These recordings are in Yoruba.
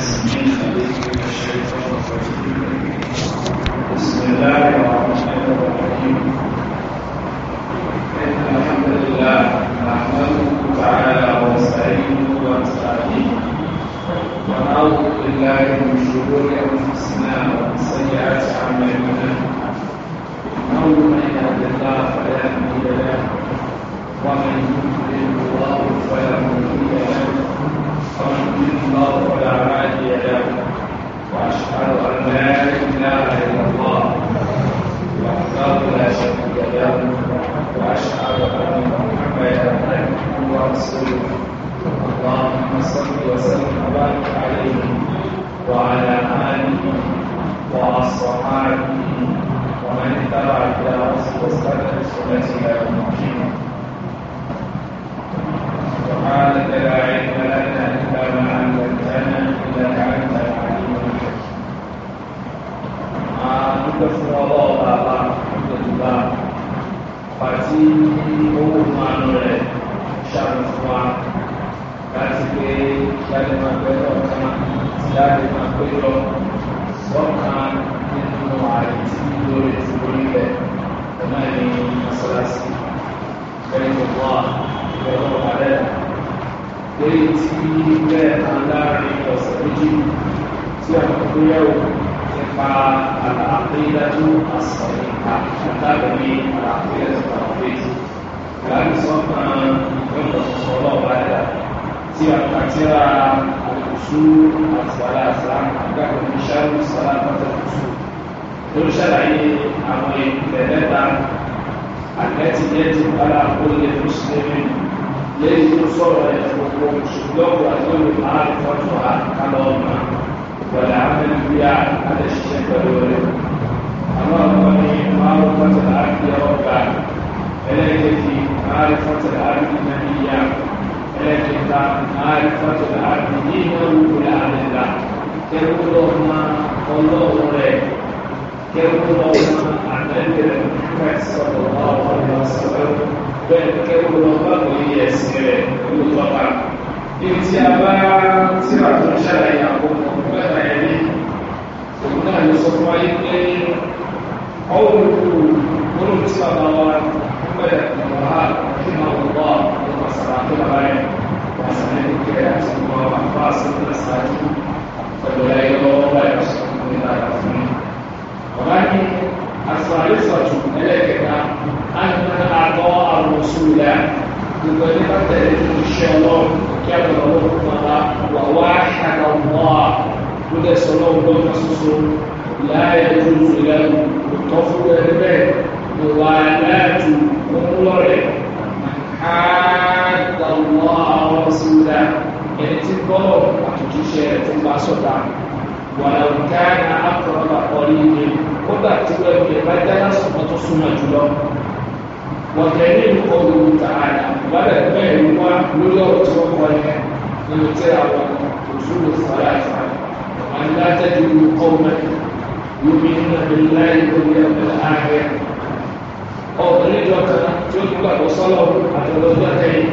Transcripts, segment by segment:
Yes. ìgbéyàwó nípa àlàáfíyájú àsọ̀rìnkà àtàbí àlàáfíyájú àlàáfíyájú. Ìyáàbí sọ́kàn ìgbẹ́mọ̀ sọ̀rọ̀ ọlọ́ọ̀bá dà tí àkàtìrà òkùsù àti aláàzá àgbàgbọ́ ìṣàlù sọ́lá pàtàkùsù. Ó ṣàlàyé àwọn ìpìlẹ̀ mẹ́ta àgbẹ̀tì yẹ́tì bára kólé mùsùlùmí lẹ́yìn tó sọ̀rọ̀ ẹ̀ gbogbo ṣùgbọ́n àti olùmọ̀ àlùfọ́tò àkàlọ́ ọ̀nà. والعمل بها على الشكل اللهم لي معرفة العبد ربه إليك في معرفة العبد نبيا إليك في معرفة العبد دينه عن الله كرب الله الله عليه كرب الله عن محمد صلى الله عليه وسلم بل كرب الله يسير كل طبعا tí a bá tí a tó ń ṣàlàyé àwọn ọmọkùnrin ẹ̀rí òun náà ló sọ fún wáyé pé ọwọ́ olùkúrò tí a bá wá pẹ̀lẹ̀ ọ̀há kí máa wọ́n wá ọmọ sàrà tó bá rẹ̀ wọ́n sì ní kíkẹ́ àti ọmọ àfá sílẹ̀ sáájú pẹ̀lú ẹ̀yọ́ ọba ìrọ̀sọ̀ ní lára fún mi. كبر ربما ووحد الله وده صلاة الله خصوصه لا يجوز له الطفل البيت موالاة أموره حاد الله ورسوله ẹni tí bọ́ọ̀ àtúntúnṣe rẹ̀ tó bá sọ̀tà wàlẹ̀ òkè àkọ́rọ̀ àkọ́rí ilé kódà tí wọ́n fi ẹ̀ka dáná sọ̀tọ̀ tó súnmọ́ jùlọ wọ̀tẹ́lẹ̀ ìkọlù tààdà wọ́dẹ̀ bẹ́ẹ̀ wá lórí ọ̀rọ̀ tí wọ́n kọ́ ẹ̀ nínú tí àwọn òṣùlù sọ̀rọ̀ àti àwọn alájẹ́jú ọmọ yomi nínú ìlà ìkọlù ẹ̀fẹ́ ààrẹ ọ̀bẹ̀rẹ̀ dọ́kà tí ó gbà lọ sọ́lọ̀ àtọ̀lọ́dún àtẹ̀yìn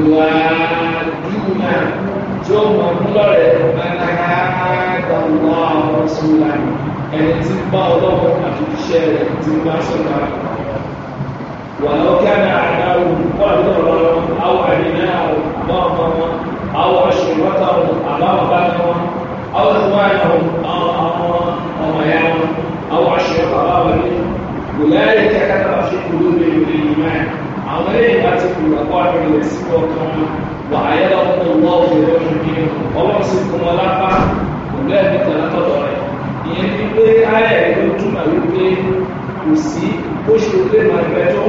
ìwà dúnà tí ó mọ̀ múlọ̀rẹ̀ ẹni tí ń bá ọlọ́wọ́ àti iṣẹ́ rẹ̀ ti ń bá sọ̀rọ̀ ولو كان أعداؤهم قاتلهم أو أبناءهم أباهم أو عشيرتهم أبابهم أو إخوانهم أو أمياهم أو عشيرة أبابهم أولئك كتب في قلوبهم الإيمان عملية أتكوا وقالوا ليسكوكم وعيرهم الله في وجههم ووصلكم ولقى أولئك لقد عليهم يعني بيه آية يقول تما يقول kò sí bó ṣe lè máa gbẹ tó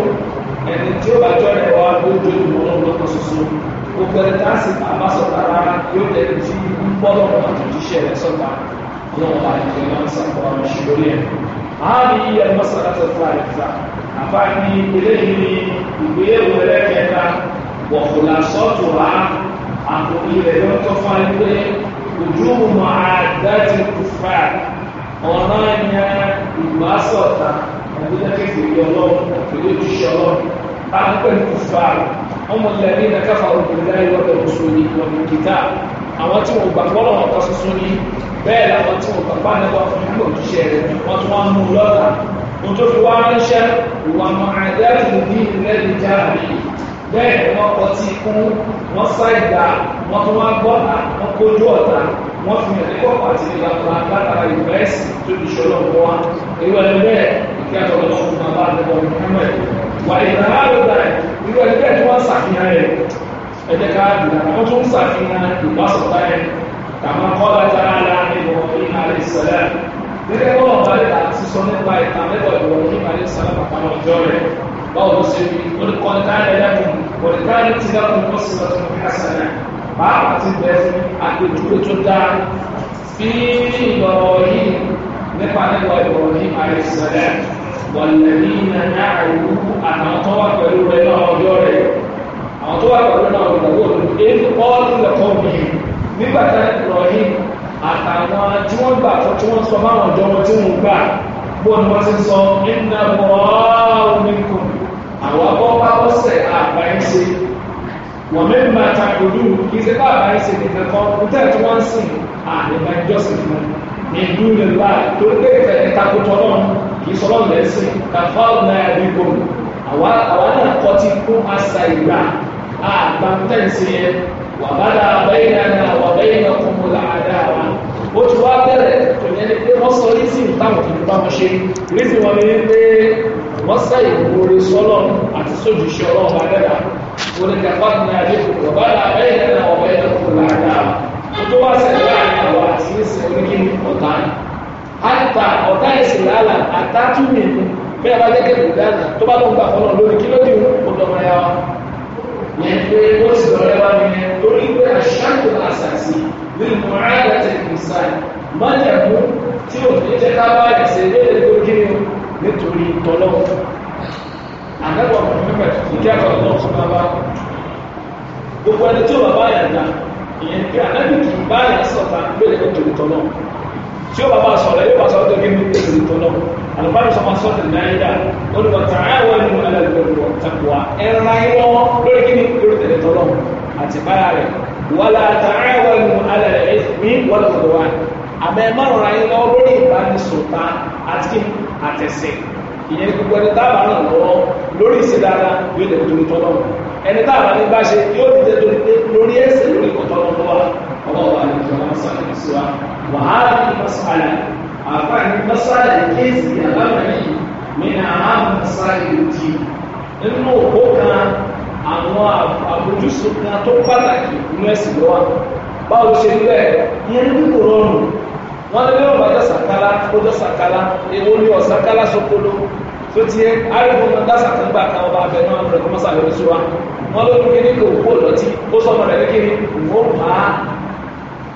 ẹni tí ó bá jọ ẹ̀ wá ló jó ìwọ̀n náà lọ́kọ̀ ṣoṣo gbogbo ẹni tá a sì máa bá sọ̀tà rárá yóò jẹ́ ẹni tí ń bọ́ lọ́wọ́ àti jíṣẹ́ rẹ̀ sọ̀tà ọlọ́wọ́ àìjẹ́ máa ń sàkó àwọn ìṣòro yẹn. àárín iye mọ́sálà tó fún àìsà àfáàní eléyìí ni ìgbéyàwó ẹlẹ́kẹta wọ̀fùlà sọ́ọ̀tù rà àkòrí rẹ̀ lọ́tọ́ fún ẹgbẹ́ ojú mọ́ àdájì kùfà ọ̀nà ìyẹn ìgbà sọ̀tà أقول لك كيف الله بدون الشراب أعقل الكفار هم الذين كفروا بالله وبرسوله وبالكتاب àwọn tí wọn gbà fọlọ wọn kan ṣoṣo ní bẹ́ẹ̀ làwọn tí wọn gbàgbà nípa fúnpọ òjíṣẹ́ rẹ̀ wọn tún wọn mú lọdà wọn tó fi wá ránṣẹ́ ìwà mọ̀ọ́dẹ́rù ní ìrẹ́lẹ̀ jáàmì bẹ́ẹ̀ wọn kọ tí kún wọn sá ìgbà wọn ní kọ́kọ́ kẹ́lẹ́ ọlọ́run máa bá àdúgbò muhammed wà ìdára àdúgbò rẹ̀ irú ẹgbẹ́ tí wọ́n ṣàfihàn rẹ̀ ẹgbẹ́ ká àdúgbò àwọn tó ń ṣàfihàn ìbásọ̀tà rẹ̀ kàmá kọ́lá ta ara nínú ìhìn alẹ́ ìṣẹ̀lẹ̀ gẹ́gẹ́ bọ́ọ̀ balẹ̀ àti sọ nípa ìtàn lẹ́kọ̀ọ́ ìwọ̀n ìhìn alẹ́ ìṣẹ̀lẹ̀ pàpàlọ́ ọjọ́ rẹ̀ báwo ló ṣe rí olùkọ́nìtàlẹ̀ lẹ́kùn olùkọ́nìtàlẹ̀ ti lẹ́kùn ó sì lọ́tún ìhásánà pàápàá ti bẹ̀ fún àgbèjúwe tó dáa bí ìlọ̀rọ̀ yìí nípa nípa ìlọ̀rọ̀ yìí àìsàn wàlẹ́bí nàá àrùn àtàwọn tó wà pẹ̀lú rẹ̀ náà ọjọ́ rẹ̀ àwọn tó wà pẹ̀lú náà ọjọ́ rẹ̀ èyí ọ́ọ́lù lẹ́kọ̀ọ́ mi nígbà tá Ibrahim àtàwọn tí wọ́n gbà tó tí wọ́n sọ báwọn ọjọ́ wọn tí wọ́n gbà bó ni wọ́n ti sọ iná bọ̀ ọ́ọ́nìkùn àwọn abọ́pá ọ̀sẹ̀ àgbáyé ṣe wọ́n mẹ́rin máa takò lù kí ṣe bá àgbáyé ṣe nìkan kan ó tẹ̀ tí wọ́n ń sìn àdìbà ìjọsìn fún un ìlú ìlú àì tó dé ìtakùtọ̀ náà kì í sọ lọ́nà ẹ̀sìn kàfáàlù náà ẹ̀rí kò àwa náà kọ́ ti kún àṣà ìgbà àgbàmùtẹ́ǹsì yẹn wà bá dáa bẹ́ẹ̀ náà wà bẹ́ẹ̀ náà kún mọ́ làádáa wa ó ti wá bẹ̀rẹ̀ ìyẹn ni pé wọ́n sọ rísì táwọn tó ń bá wọn ṣe rísì wọn ni pé wọ́n sá ìwúre sọ́lọ̀ àti sójú ṣe ọlọ́run ọ̀tá àìta ọ̀tá ẹ̀sìn lálà àtàtúmì ni bẹ́ẹ̀ bá jẹ́ kékeré dáná tó bá lóun gbà fọlọ́ lórí kí ló dé ìlú ọ̀dọ̀ ọmọ ya wa yẹn pé ó sì lọ́rẹ́ wá mi yẹn torí pé àṣàkó àṣàṣì nínú ààrẹ ti kù sáì májàmú tí ò ní jẹ́ ká bá ẹ̀sẹ̀ léèrè tó kí ni nítorí tọ́lọ́ àdẹ́gbọ̀n mọ̀mọ́mọ́ ìkẹ́kọ̀ọ́ gbogbo ẹni tí ó bàbá yà ìyẹn pé àdẹ́gbọ̀n bá yà sọ̀tà lórí ètò ìtọ́lọ́ tí ó bá bá sọ̀rọ̀ yóò bá sọ̀rọ̀ tó kí ní èdè tó náà alùpàdé sọ ma sọ ní náírà ó ní wọ́n àwọn ẹni wọn lẹ́nu lórí wọn takuwa ẹ̀rọ ìwọ́ lórí kí ní lórí tẹ̀lé tó náà àti báyà rẹ̀ wàlá àwọn ẹni wọn alẹ́ ẹ̀mí wọ́n lọ́dọ̀ wá àmọ́ ẹ̀ márùn ra ìwọ́ lórí ìbánisọ̀tà àti Lori ìyẹn gbogbo ẹni táàbà ọlọ́wọ́ àlejò wọn sàlẹ̀ sí wa wàhálà ní masala àfààní masala kéésì àbámẹ́lì nínú àwọn masala ìdí nínú òkú kan àwọn àbójúsùn kan tó pàtàkì nínú ẹ̀sìn lọ́wọ́ báwo ṣe ń bẹ́ẹ̀ ìyẹn ní kò rọrùn wọ́n lé lọ́wọ́ bàtà sàkálá ó dọ́ sàkálá èwo ni ọ̀sàkálá sọ́kóló tó ti yẹ ariwo náà dásà kan gbà kan ọba abẹ náà rẹ̀ kọ́mọ́sà lọ́dún sí wa wọ́n ló ní kí kò kó lọ́tí ó sọ́mọ rẹ̀ kékeré ìwọ́n máa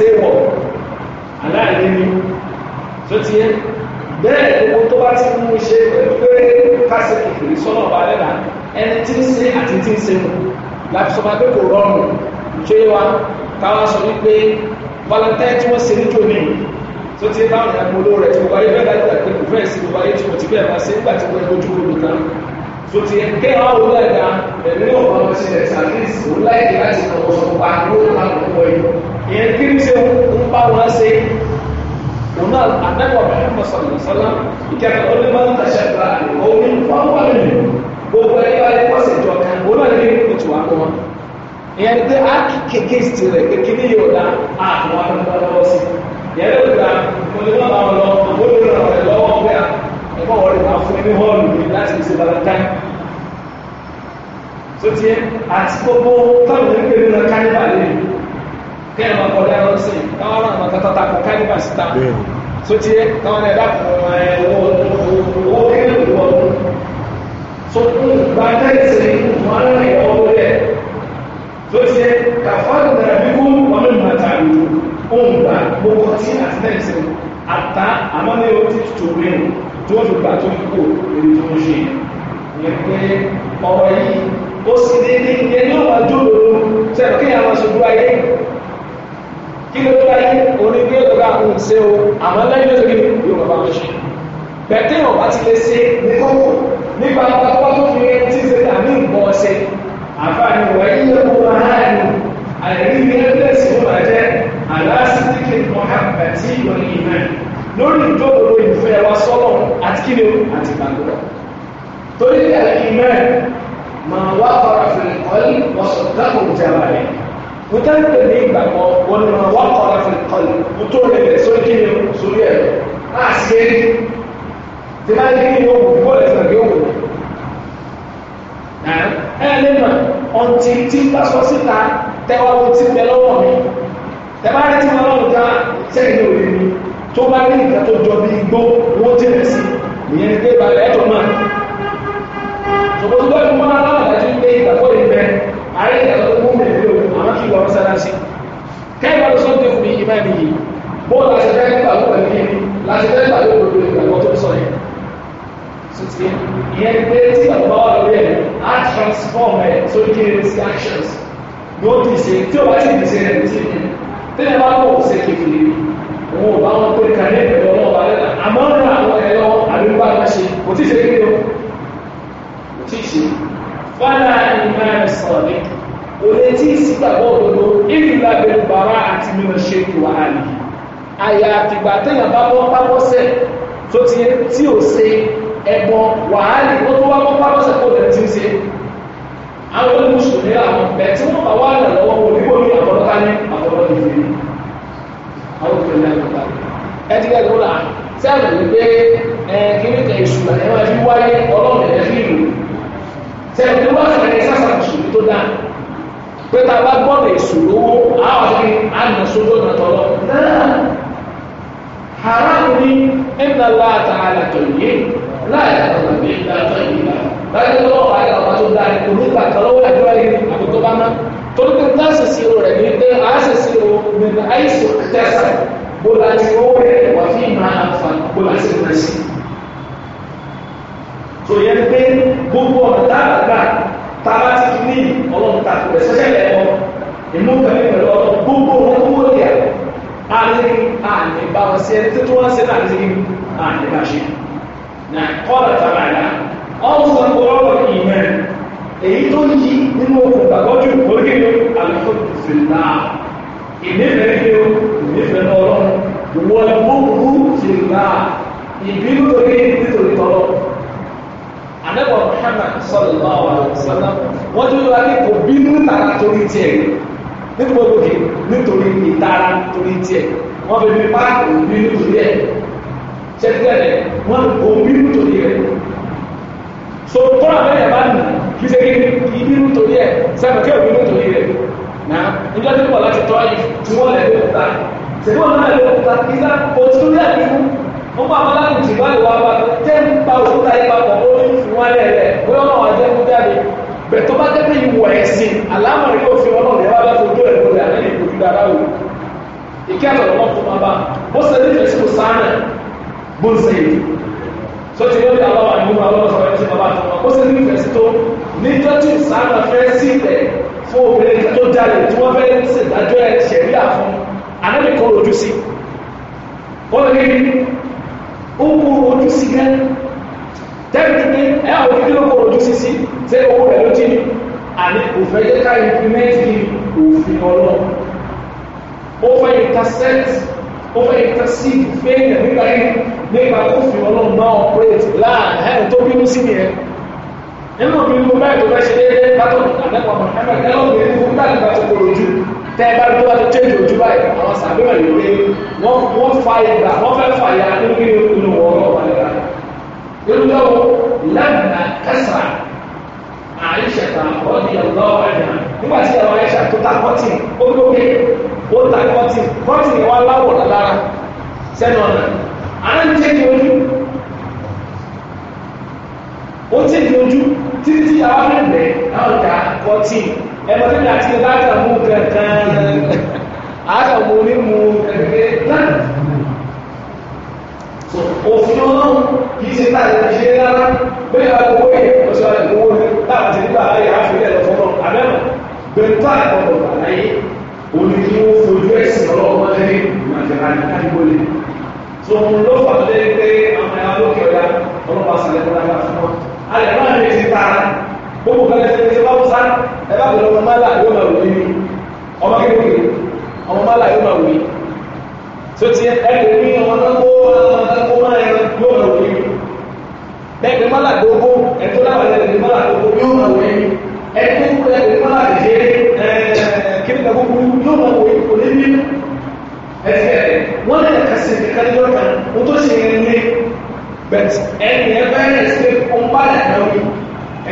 séwọ̀ aláàlẹ́ ni tó ti yẹ bẹ́ẹ̀ gbogbo tó bá ti mú ṣe pé kásì kìkìrì sọ́nà ọba rẹ̀ náà ẹni tí ń ṣe àti tí ń ṣe mù láti sọ ma pé kò rọrùn ṣé wa káwa sọ wípé valentine tí wọ́n ṣe níjó ni tó ti bá àwọn ìyàgbọ́ olóró rẹ̀ tí mo wáyé bẹ́ẹ̀ láti tàbí kò fẹ́ẹ̀ sí mo wáyé tí mo ti bẹ́ẹ̀ máa ṣe nígbà tí mo ẹgbẹ́ ojú gbogbo kan tòtí ẹgbẹ́ wa wò lẹ́ẹ̀dá ẹ̀mí ní ọ̀pọ̀ ọmọ ṣẹlẹ̀ sàkíyèsí wò láìpẹ́ láti kọ̀ ọ̀sọ̀ pa ló ń pa lọ́wọ́ yìí ìyẹn kí ní ṣe ń bá wọn ṣe òun náà àdáwọ̀ bẹ̀rẹ̀ mọ̀ sọ̀rọ̀sọ̀lá ìkẹ́kẹ́ ọlọ́mọdé tàṣẹ́gbà òun ní wọ́n wà lónìí gbogbo ẹgbẹ́ alẹ́ pọ̀sẹ̀ jọ kan òun náà ní kùtù wà kọ́ ìyẹn pé a kéke sí rẹ̀ kéke ní yóò dá àwọn akọ̀wé lọ́wọ́ sí ìyẹn lè gba mo ní wọ́n lọ òun ló rẹ̀ lọ́wọ́ pé ẹ̀fọ́ wọ́n rẹ̀ máa fún mi ní họ́ọ̀lù mi láti ṣe valentine tó ti ẹ́ àti gbogbo táwọn ẹgbẹ́ mi lọ kánífà lè kẹ́yìn máa kọjá lọ sí i táwọn ọ̀rọ̀ àwọn akẹ́kọ̀ọ́ ta kọ kánífà síta tó ti ẹ́ táwọn ẹ̀dá owó kéde ìwọ̀ tó ń gba tẹ́sí wọn rẹ̀ ọwọ́ rẹ̀ tó ti ẹ́ kàfáàlù náà bí kú wọn lè máa tàbí ohun gbà gbogbo ọtí àti tẹ́sí àtà àmọ́ ní o ti tòrò tí ó fi gbà tó kò èrè tó ń ṣe yẹn pé ọ̀rọ̀ yìí ó sì ní ní ẹni ó máa dúró sẹ́nu kí àwọn aṣojú ayé kí ló dúró ayé òní bí ó lọ́gbà àwọn ìṣe o àmọ́ lẹ́yìn ló ti ní yóò máa bá wọn ṣe bẹ̀tẹ̀ wọn bá ti lè ṣe ní kókó nípa pápá tó fi ẹ ti ṣe tà ní nǹkan ọ̀sẹ̀ àfààní wọ̀ ẹ́ yíyẹ kó máa há ẹnu àìrí ní ẹ́fẹ́sì ó máa jẹ́ àlásìtìkì mọ́hàmẹ́tì ìwọ̀n ìmọ̀ lórí ìjókòó ìfẹ́ wa sọ́lọ̀ àti kí ni ó àti gbàgbọ́ torí ẹ̀rẹ́ ìmẹ́ máa wá kọ́ra fìlẹ̀ kọ́lì wọ́sọ̀ dákùn jàmbá rẹ̀ mo tẹ́lẹ̀ ní ìgbàgbọ́ wọn ni máa wá kọ́ra fìlẹ̀ kọ́lì mo tó lè bẹ̀ sórí kí ni ó sórí ẹ̀rọ náà sí ẹni tí máa ní kí ni ó wù bọ́ọ̀lù ẹ̀sìn àbí òwò ẹ̀ lè mọ̀ ọ̀ntì tí bá sọ síta tẹ́wọ́ tí bẹ lọ́wọ́ mi tẹ́ tí mo lọ́wọ́ ta sẹ́yìn ní òye mi tó bá rí nǹkan tó jọ bí igbó wọ́n jẹ́rẹ̀ sí ìyẹn ní pé balẹ̀ ẹ̀tọ́ máa ṣùgbọ́n tó bá wọn aláwọ̀dá tí ń gbé ìgbàgbọ́ ìgbẹ́ ààrẹ ìyàtọ̀ tó mú mẹ́rin lò àwọn kí wọ́n sára sí kẹ́yìn wọn sọ́dọ̀ fún mi ìmá mi yìí bó láti fẹ́ gbà ló pẹ̀lú yìí láti fẹ́ gbà ló pẹ̀lú ìgbàgbọ́ tó sọ yẹn ìyẹn ní pé tí ìgbàgbọ́ wà lórí ẹ̀ á transform ẹ̀ sórí kí ni sí actions yóò dìse tí ó bá ti dìse rẹ̀ ti yẹn tí ẹ bá lọ òsè kékeré wọn ò bá wọn tó kàn ní ìpẹ̀lú ọlọ́wọ́ bá lẹ́la àmọ́ ń ra àwọn ẹ̀rọ àdúgbò àgbàṣe kò tí ì ṣe kéde o kò tí ì ṣe fọ́nà ìmọ̀ ẹ̀sán ni kò lè tí ì sí gbàgbọ́ òdodo ìlúlá bẹ̀rù bàbá àti mímọ̀ ṣe kí wà á àyà àtìgbà téèyàn bá bọ́ pápọ́sẹ̀ tó ti tí ò ṣe ẹbọ wàhálì ó tó wá bọ́ pápọ́sẹ̀ kó lè ti ṣe àwọn olùsùn ní àwọn ọ̀pẹ tí wọ́n bá wà lọ́wọ́ òdìbò ní ní àwọn òkè ńlá yóò bá ẹ ti kẹ́ ẹ̀ tó là sẹ́ẹ̀lì ní pé ẹ kíní kan èṣù ẹ̀ máa fi wáyé ọlọ́run ẹ̀ fi lù sẹ́ẹ̀lì tó bá fẹ̀ ẹ́ sásà jù tó dáa pé tá a bá gbọ́dọ̀ èṣù lówó àwọn àti àná sójú ọ̀nà tọ́lọ́ haram ni ẹ̀ńdà láàtà àlàtọ̀ yìí láàyè àwọn àgbẹ̀ ìgbà tó yìí láàyè lọ́wọ́ àyà ọ̀pá tó dáa ní olùgbà tọ́lọ́wọ́ àjọ torí pé tá a sì sí rẹ̀ ní pé a sì sí o nínú àìsàn tẹ̀sán bó la ti wọ́n wẹ̀ wá fí máa àǹfààní bó la sì rẹ̀ sí. tó yẹ pé gbogbo ọ̀nà tá a gbà tá a bá ti ní ọlọ́run ta kò rẹ̀ sẹ́sẹ́ lẹ̀ mọ́ ìmú kẹ́mi pẹ̀lú ọlọ́run gbogbo ọ̀nà tó wọ́n yà á lè àní bá wọn sí ẹni tó tó wọn sí náà lè àní bá ṣe. nà kọ́ ọ̀nà tàbí àná èyí tó ń yí nínú okùn gbàgbọ́jú orí ni àlùfò sì là ìnífẹ̀ẹ́ ni o ìnífẹ̀ẹ́ náà ọlọ́run wọ́n gbóòrú sì là ìbínú lórí nítorí tọ́lọ́ àdẹ́bọ̀ Muhammad sallallahu alaihi wasallam wọ́n tún lọ́wọ́ ní kò bínú tara torí tiẹ̀ nípa òkè nítorí ìtara torí tiẹ̀ wọ́n fi fi páàkì òbínú torí ẹ̀ ṣẹ́tẹ́rẹ̀ wọ́n òbínú torí ẹ̀ so kọ́ra bẹ́ẹ̀ bá nìyí bí ṣe kí ìbínú torí ẹ̀ sẹ́nu kí òbínú torí rẹ̀ náà níjọ́ tí wọ́n láti tọ́ yìí tí wọ́n lẹ̀ lóòótá ṣèlú wọn náà lóòótá ìlà òtún yà nínú wọn bá wọn láti jì báyìí wá bá jẹ́ ń pa òkúta yìí papọ̀ ó ní fún wọn lẹ̀ rẹ̀ bóyá wọn wàá jẹ́ kú jáde bẹ̀tọ́ bá jẹ́ pé ìwọ̀ ẹ̀sìn àlámọ̀rí òfin wọn náà tó ti lórí àwọn àdúgbò ọlọ́sọ̀rọ̀ ẹ̀ tí bàbá àti wọn kó sì ní ìfẹ́ sí tó níjọ́ tí ìsáàmà fẹ́ sí ilẹ̀ fún obìnrin tó jáde tí wọ́n fẹ́ ṣèdájọ́ ẹ̀ ṣẹ̀rí àfún anábì kan ojú sí wọ́n lè rí ó kú ojú sí gẹ́ tẹ́lifí ní ẹ̀ àwọn ojú ló kú ojú sí sí ṣé owó rẹ̀ ló ti ní àní òfẹ́ jẹ́ ìpínlẹ̀ òfin ọlọ́run ó fẹ́ intercept ó fẹ́ ìta sí ìfẹ́yìn nígbà yìí nígbà tó fi ọlọ́run náà operate láàárín tó bínú sí ni ẹ nínú obìnrin gbogbo ẹ̀ tó fẹ́ ṣe déédéé látọ̀ àdẹ́kọ̀ọ́ mọ̀hánà ẹlọ́bìnrin gbogbo bá nígbà tó kọ̀rọ̀ ojú tẹ́ ẹ bá rí tó bá ti change ojú báyìí àwọn sàbẹ̀wẹ̀ ló lé wọ́n fa ìgbà wọ́n fẹ́ fàyà nínú kí ni inú wọ́ọ́rọ́ wà nígbà yìí àìṣẹ̀ tà ọ̀dì ọ̀dọ́ ọ̀dà nígbà tí ẹ̀rọ àìṣẹ̀ tó ta kọ́tìn ó lókè ó ta kọ́tìn kọ́tìn ni wọ́n láwọ̀ lára sẹ́nu ọ̀nà à ń tẹ́ di ojú ó tẹ́ di ojú títí àwọn ẹ̀bẹ̀ àwọn ọ̀dà kọ́tìn ẹ̀mọ́ tó ní àti ẹ̀bá àtàwọn mú kankan àtàwọn onímú kankan a òfin ọlọ́run kìí ṣe táà lè ṣe rárá bẹ́ẹ̀ àgbogbo yẹn ọ̀sẹ̀ wà lẹ́nu owó táà ti nígbà ayé àfihàn ẹ̀rọ fọ́nà àbẹ́mọ̀ gbẹ̀ntà ọ̀dọ̀ àlàyé òní kí ó fojú ẹ̀sìn ọlọ́run máa ń rí ìrìnàjò àdìgbò lè tó ń ló fà lé olha, àwọn ẹ̀rọ lókè ọ̀yà ọlọ́pàá sílẹ̀ kọ́lá yà fún wọn. alẹ́ máa ń rí ti tara gbogbo kan ẹsẹ̀ ẹsẹ̀ bá wùsá ẹ bá bẹ̀rẹ̀ ọmọ mọ́lá yóò máa wù tó ti ẹgbẹ̀ ní ọmọ náà kó ọmọ náà kó máa ẹran yóò lọ wí ẹgbẹ̀ mọ́là gbogbo ẹ̀tọ́ láwọn ẹgbẹ̀ mọ́là gbogbo yóò lọ wí ẹgbẹ̀ gbogbo ẹgbẹ̀ mọ́là gbèsè kíni ká gbogbo yóò lọ wí kò ní bí ẹsẹ̀ wọ́n lè ka sí ibi ká lọ́ọ̀ kan mo tó ṣe yẹn ní bẹ́t ẹni ẹ bá yẹn ṣe ọ̀nbá yẹn náà wí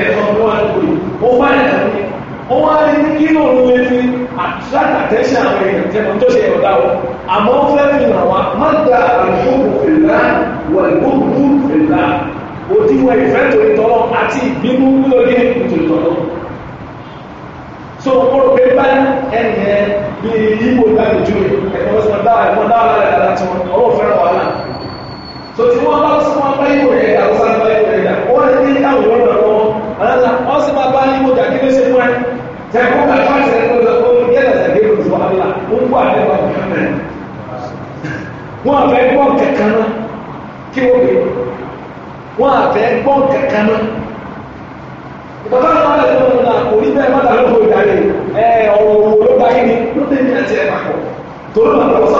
ẹ̀tọ́ ọ̀nbá yẹn náà wí ọ̀nbá yẹn náà wí wọ́n á rí ní kí lòun lè fi àtúntà tẹ́sán àwọn èèyàn tẹ́mọ̀ tó ṣe ọ̀dà wọn àmọ́ fẹ́ fi hàn wá má da àlùfóònù fìlà wà ìgbóhùnú fìlà òdiwọ̀n ìfẹ́ torí tọ́lọ́ àti ìbínú lórí nítorí tọ́lọ́ so wọ́n rò pé báyìí ẹnì yẹn bí ibo gbàgbé ju ẹ̀kọ́ bá sọ̀rọ̀ dáa ẹ̀kọ́ dáa lára ẹ̀dá tí wọ́n ọwọ́ fẹ́ràn wàhálà so tí wọ́n bá sọ wọn bá ibo yẹn dà ó sáré bá ibo yẹn dà wọ́n ní káwọn yọ̀ọ́ lọ́wọ́ ọ̀nà ọ̀sìn bá bá ibo dà kí ló ṣe fún ẹ sai ko ka fara sai ko da ko yana da gero zuwa Allah mun ba da ba Muhammad wọ́n fẹ́ gbọ́n kankan náà kí wọ́n bẹ wọ́n fẹ́ gbọ́n kankan náà ìbátan náà lè lọ́wọ́ náà orí bẹ́ẹ̀ má dàrú fún ìdarí ẹ ọ̀rọ̀ òwò ló bá yín ni ló dé ní àti ẹ̀ papọ̀ torí wọn lọ sọ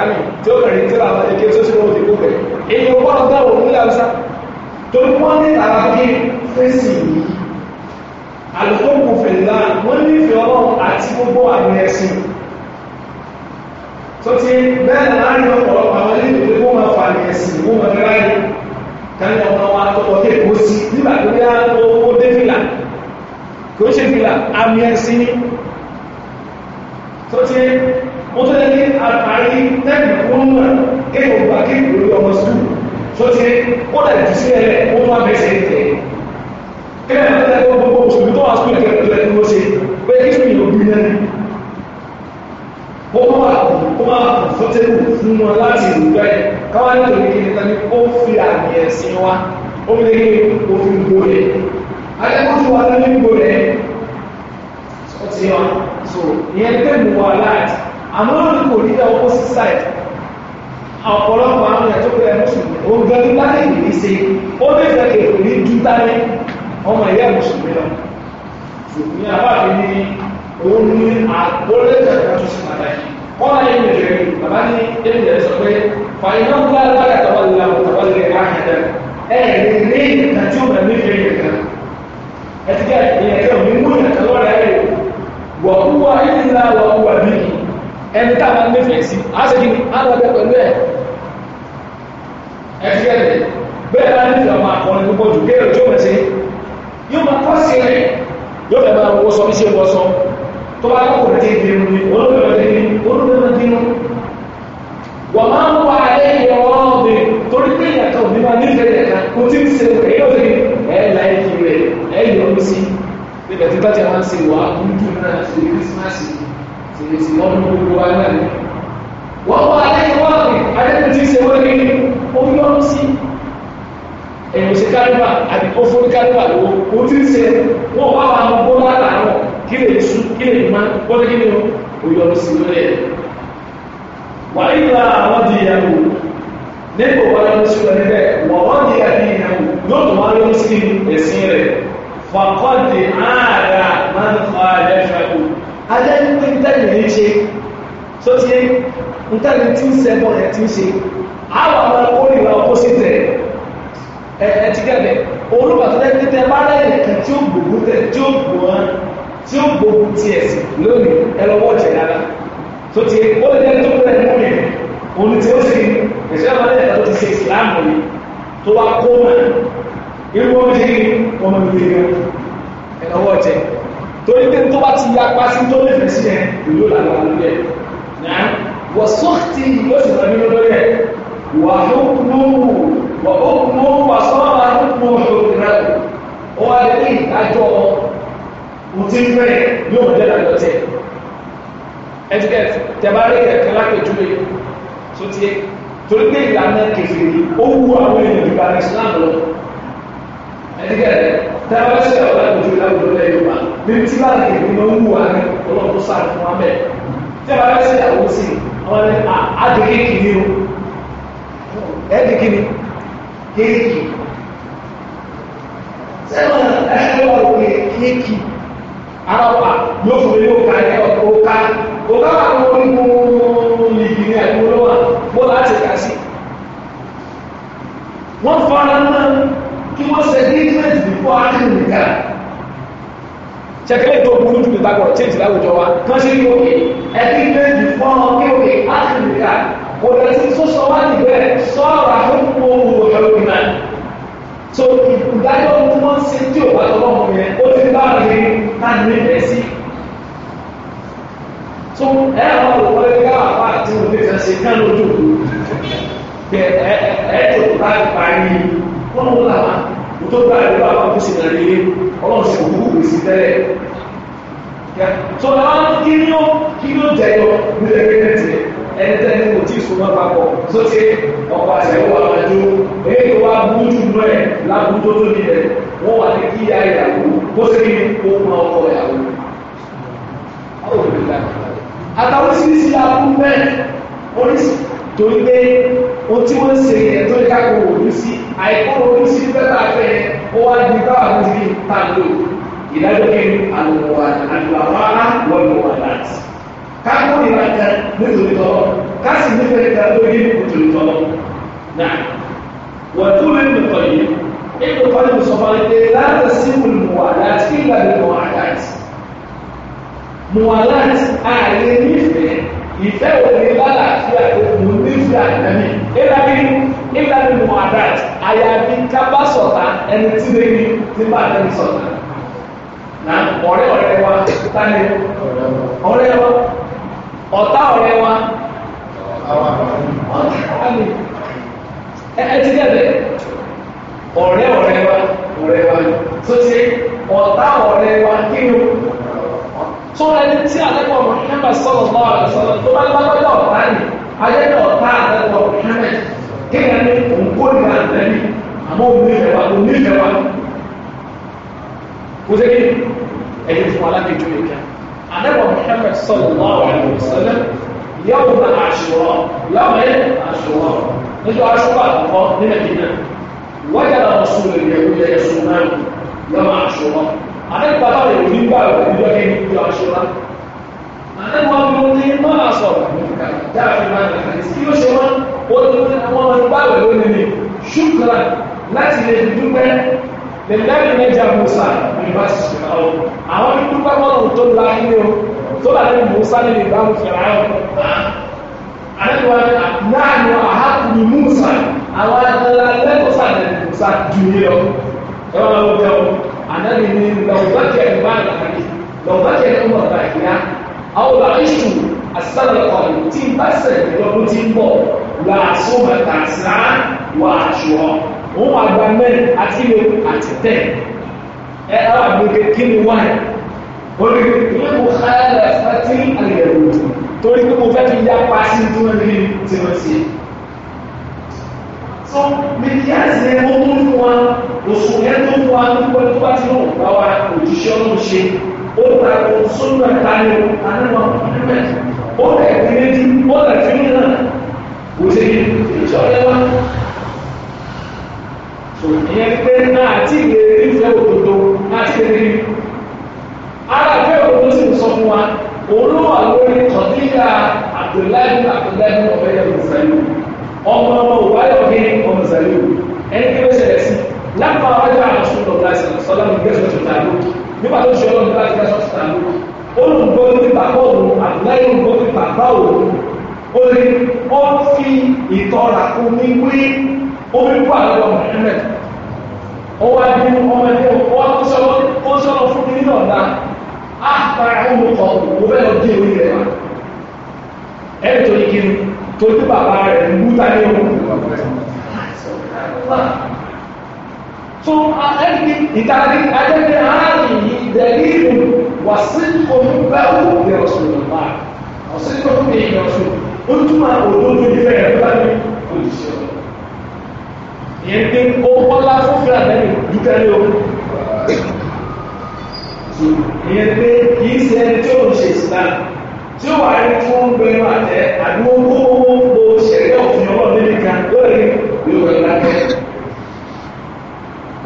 kùránì tí ó bẹ̀rẹ̀ tí ó àwọn ẹ̀kẹ́ tó ti wọ́n ti kú bẹ̀ èyí ó gbọ́dọ̀ bá wọn nílẹ̀ àwùsá tó ní wọ́n ní àlàyé fèsì yìí àlùkòkò fèlà wọ́n nífẹ̀ẹ́ ọlọ́run àti gbogbo àmì ẹ̀sìn tó ti bẹ́ẹ̀ láàrin ọ̀pọ̀lọpọ̀ àwọn ilé ìwé wọ́n máa fa àmì ẹ̀sìn wọ́n máa fẹ́ láyé káyọ̀ ọmọ wa tọkọ dé kó sí nígbà tó yá owó dé fìlà kò ṣe fìlà àmì ẹ̀sìn ni tó ti mo tó lẹ́ni àpárí tẹ́lẹ̀ fún náà kéèkó gba kéèkó lórí ọmọ sùúrù tó ti ó dà jù sí ẹlẹ́ ó máa bẹ̀sẹ̀ tẹ̀ kílẹ̀ tó tẹ́lẹ̀ tó gbogbo òṣèlú tó wà sùúrù ẹ̀kẹ́ tó lẹ́ni ó ṣe pé kí sùúrù yóò bí lẹ́nu ó máa kó máa kò tó tẹ́lẹ̀ òfin gbòòrè akẹ́kọ̀ọ́ wọn so ìyẹn tẹ́ mú àmọ́ lórí kò ní the opposite side ọ̀pọ̀lọpọ̀ àwọn èèyàn tó kẹ́lẹ̀ mùsùlùmí òun gan ní láti ìrìn ṣe ó lè fẹ́ kèrò ní dúdálẹ́ ọmọ ìyá mùsùlùmí lọ ṣùgbọ́n àbáfi ní òun ní àgbólẹ́tẹ̀ kan tó sì padà yìí wọ́n máa ń rẹ̀ rẹ̀ bàbá ní ẹ̀rẹ̀ sọ pé fàyínà ń bá lára tàbálẹ̀ àwọn tàbálẹ̀ àhẹ̀dẹ̀ ẹ̀rẹ̀ rí ìgbà tí ó bẹ̀ mí ẹni tá a máa ń nífẹ̀ẹ́ sí a sì kìíní a lọ bẹ pẹ̀lú ẹ̀ ẹ̀fí ẹ̀rẹ̀ bẹ́ẹ̀ bá nífẹ̀ẹ́ ọmọ àkọni púpọ̀ jù kéèrè tí ó mẹ́ sí yóò máa kọ́ sí rẹ̀ yóò fẹ́ máa wọ́sọ bí ṣe wọ́sọ tó bá kọ́ kùnrin tí ìdínú ni olóògbé wọ́n máa ń wá alẹ́ ìyọ̀ ọ̀gbìn torí pé ìyàtọ̀ ní máa nífẹ̀ẹ́ ẹ̀ka kò tí ń ṣe rẹ̀ yóò fi ẹ̀ láì kiri rẹ̀ ẹ̀ yọ̀ ọ́ sí nígbà tí bá ti máa ń ṣe wàá kúndùn náà ṣe kírísímásì ìrètí wọn ló gbogbo wa náà ni. wọ́n wá adájọ́ wọ́n rè adájọ́ ti ṣe wọ́n rí ó fi ọdún sí èyàn ṣe kárìbà àti ó fún kárìbà lówó ó ti ń ṣe wọ́n wá wa gbó látàárọ̀ kí lè tú kí lè má gbọ́dọ̀ kí ni ó yọrù sí lórí ẹ̀. wàá yíra àwọn di ìyàwó nígbà wọn lọ sí wọn níbẹ̀ wọ́n wọ́n di ìyàwó yóò tó wá lọ sí ẹ̀sìn rẹ̀ fàkọ́ọ̀dì áà ṣe tó ti ntẹ́ni tí ń sẹ́gbọ́ rẹ̀ ti ń ṣe àwọn ọmọ ẹ̀kọ́ ìwà ọkọ́ sí tẹ̀ ẹ̀ ti gẹ̀bẹ̀ orúkọ tó tẹ́tí tẹ bá rẹ̀ nìkan tí ó gbògbó tẹ̀ tí ó gbòhán tí ó gbògbó tiẹ̀ sí lónìí ẹ lọ́wọ́ ọ̀jẹ̀ dára tó ti ó lè jẹ́ tó rẹ̀ mú yẹn òun tí ó sì ẹ̀ṣẹ́ ọmọdé ẹ̀ka tó ti torí pé tó bá ti ya pàṣẹ tó lè fèsì yẹn ìlú làwọn àlùyẹ náà wọ sọ́ọ̀tì yóò sì rẹ̀ nínú lórí ẹ̀ wà ó mú wà ó mú wà sọ́ọ̀ máa ń mú òṣèlú rẹ̀ ó wá lé ìdájọ́ òtí fẹ́ yóò mọ̀ lẹ́nà lọ́tẹ̀ ẹtikẹ́tì tẹ̀bárí kẹ̀kẹ́ lápẹ̀júwe tó tiẹ̀ torí pé ìlànà kẹfìrí ó wú àwọn èèyàn ìgbà ìsìlámù lọ ẹtikẹ́tì tẹ̀bárí sí lápẹ̀júwe láwùjọ lẹ́yìn bíbi tí báyìí kìí wù wá ní ọlọ́run tó sáré fún wa bẹ́ẹ̀ tí a bá fẹ́ sí ìyàwó sí i àwọn ẹni àdìgí kìíní o ẹ̀ẹ́dì kìíní kéèkì sẹ́wọ̀n ẹ̀ẹ́dì wà lókè kéèkì ara wa yóò fún mi yóò ká ẹ̀ ọ̀ká ọ̀ká wà lóko nínú lìgì ní ẹ̀kọ́ ló wà bó láti kà sí. wọ́n fọ́nrán náà kí wọ́n ṣe dígbẹ́tì bí wọ́n á ní nìkan sẹkẹlẹ tó burú jù nípa gbọ́dọ̀ change láwùjọ wa kan ṣe ní òkè ẹbí méjì fún ọ kí òkè áfíríkà kò lè ti tó sọ wá níbẹ̀ sọ̀rọ̀ àfúnpọ̀ òwò ẹ̀rọ̀bì náà so ìdájọ́ tí wọ́n ṣe tí ò bá tọ́lọ́ mọ̀ yẹn ó ti bá rí láti ní bẹ́ẹ̀ sí. so ẹ àwọn olùkọ́lé káwá wà tí mo lè fẹ́ ṣe kán lójú ẹ ẹ ẹ tó bá parí wọn wọ́n làwọn tó gba ìlú àwọn tó sì rẹ̀ lé ọlọ́run sì kú kú sí tẹ́lẹ̀ tó láwọn kí ni ó kí ni ó jẹyọ nílẹ̀ kẹ́kẹ́tì ẹni tẹ́lẹ̀ kò tí ìṣúná papọ̀ tó ti ọkọ̀ àṣẹ wà lájú èyí wà bújú lọ ẹ̀ lábújó tó nílẹ̀ wọ́n wà ní kíyà ìyàwó kó sì ní kó mọ ọkọ̀ ìyàwó. àtàwọn sì sí àbú bẹ́ẹ̀ oríṣi tó ń gbé ohun tí wọ́n ń ṣe ẹ̀ tó ń ká kó sí àìkọ́ orí sí pẹ́tà fẹ́ ó wá di báwa ló ti ta lò ìdájọ́ kí àlùwà àlùwà wọ́n lò wà láti. kákó ìlà kan nítorí tọ́lọ́ kásì nífẹ̀ẹ́ kan lórí nítorí tọ́lọ́ náà wọ́n tún lè nìkọ̀ yìí nínú kọ́lé mùsọ̀mọ́ ní pé láti símù mùwà láti kí ìgbà lè mọ̀ àdáàtì mùwà láti ààyè nífẹ̀ẹ́ ìfẹ́ òní lálàáfíà òní nífẹ̀ẹ́ àtẹ̀mí ìlànà ìlànà mọ̀ àdá àyàfi kábà sọ̀tà ẹni tí lè ní tí bá tẹ̀lé sọ̀tà. Nà ọ̀rẹ́ ọ̀rẹ́ wa tani ọ̀rẹ́ wa ọ̀tá ọ̀rẹ́ wa ọ̀tá mi ẹ ti gẹ̀dẹ̀ ọ̀rẹ́ ọ̀rẹ́ wa ọ̀rẹ́ wa tó ṣe ọ̀tá ọ̀rẹ́ wa kí ni o. sọ́ra ẹni tí àlẹ́kọ̀ọ́ Muhammad sallallahu alaihi wasallam tó bá lágbájá ọ̀tá ni ayẹ́kọ̀ ọ̀tá àlẹ́kọ̀ọ́ Muhammad kéèyàn ní òǹkó ní àlẹ́lí àmọ́ onífẹ̀wà onífẹ̀wà kò sí kí ẹ̀yìn fún alágbèjọ ìkà àlẹ́kọ̀ọ́ Muhammad sallallahu alaihi wasallam yàwó na àṣùwọ̀ yàwó ẹ̀ àṣùwọ̀ nítorí àṣùwọ̀ àkọ́kọ́ ní Nàìjíríà wájà làwọn sùn lè yẹ àtẹ́kùn bàbá rẹ̀ òní gbà rẹ̀ òní lọ́kẹ́ ní ìlú aṣọra àtẹ́kùn bàbá rẹ̀ òní máa sọ̀rọ̀ dáàfin máa ń rẹ̀ sí yóò ṣe wọ́n ó ní wọ́n máa ń gbà rẹ̀ lónìí ní ṣùkúrà láti lè dúpẹ́ lè lẹ́yìn mẹ́jà musa yunifásitì àwọn àwọn dúpẹ́ mọ́nà tó la ilé o tó bá lẹ́yìn musa ní ìbámu fẹ̀rẹ̀ àtẹ́kùn náà ní àhàkùnrin musa àwọn adẹ́lẹ́kọ̀ọ́sà lẹ́yìn musa jù ní lọ ẹ̀rọ ànábi ní lọ́gbàjẹ́ ìgbà àgbàdì lọ́gbàjẹ́ ìgbà àgbàdì yá àwọn ọba iṣu àsálọ̀kọ̀ tí bá sẹ̀lẹ̀ lọ́dún tí ń bọ̀ wà sóbà tàṣà wà àṣùwọ̀ òun àgbà mẹ́rin àti ilé àti tẹ̀ ẹ alábòókè kí ni wáyé olùkọ́ ìlú kọ́lá fati àyẹ̀wò torí pé mo fẹ́ fi yá pa sí tó méjì àti ẹgbẹ́ tó fún wa òṣùn yẹn tó fún wa nípa tó bá ti rán òkúta wa òjíṣẹ́ ọ̀hún ṣe ó ta ko sónú ẹ̀ka ni o anáwó ọ̀hún ó lẹ̀ ti méjì ó lẹ̀ ti mú náà kò sí ìṣọ̀lẹ́ wa. ìyẹn pé náà àti ìgbèrè nífẹ̀ẹ́ òdodo láti rí alábẹ́ òdodo sì ń sọ fún wa òun ló wà lórí kọ̀ọ̀díkà àbdùláì àbdùláì ọ̀bẹ́yẹ̀ lọ́sẹ̀ yìí ọmọ ọmọ òbáyọ̀ ọ̀gbìn ọmọ zàlẹ̀ òwú ẹni tí ó ṣẹlẹ̀ sí lápá ọjọ́ àwọn ṣùgbọ́n láti sọ́lá ní gẹ́sọ̀ tó ta ló nígbà tó ṣe ọlọ́run láti gẹ́sọ̀ tó ta ló olùgbò ní bàbá òun àbúláyé olùgbò ní bàbá òun ó lè ó fi ìtọ́ra omi wí omi kú àwọn ọmọ ẹ̀mẹ́ ó wá ní ọmọ ẹ̀mẹ́ ó wá kó sọ́lọ́ kó sọ́lọ́ fún mi nínú ọ̀la ah, á bára ó mú kọ́ òun bẹ́ẹ̀ lọ dé orí rẹ̀ wá ẹ̀ tó yí kí ni tó ní bàbá rẹ̀ ń bú táyé o. tó ẹni ìtàgé adẹ́gbẹ́ ààrùn yìí dẹ̀lílù wà sí omi bẹ́ẹ̀ wò bí ọ̀sùn ìgbà ọ̀sùn ìgbà fún mi ìyọ̀sùn ó túmọ̀ òdodo ìfẹ́ rẹ̀ bá mi olùsọ. ìyẹn pé ó bọ́lá fún fúlàní dúkẹ́lẹ́ o ìyẹn pé kì ṣe ẹni tí ó ń ṣe ìsìlámù tí ó wà ní tí wọ́n ń gbé inú àtẹ àbí wọ́n kó wọ́n po ṣẹ̀rí òfin ọlọ́run níbi kan lórí ìlú rẹ̀ lákẹ́.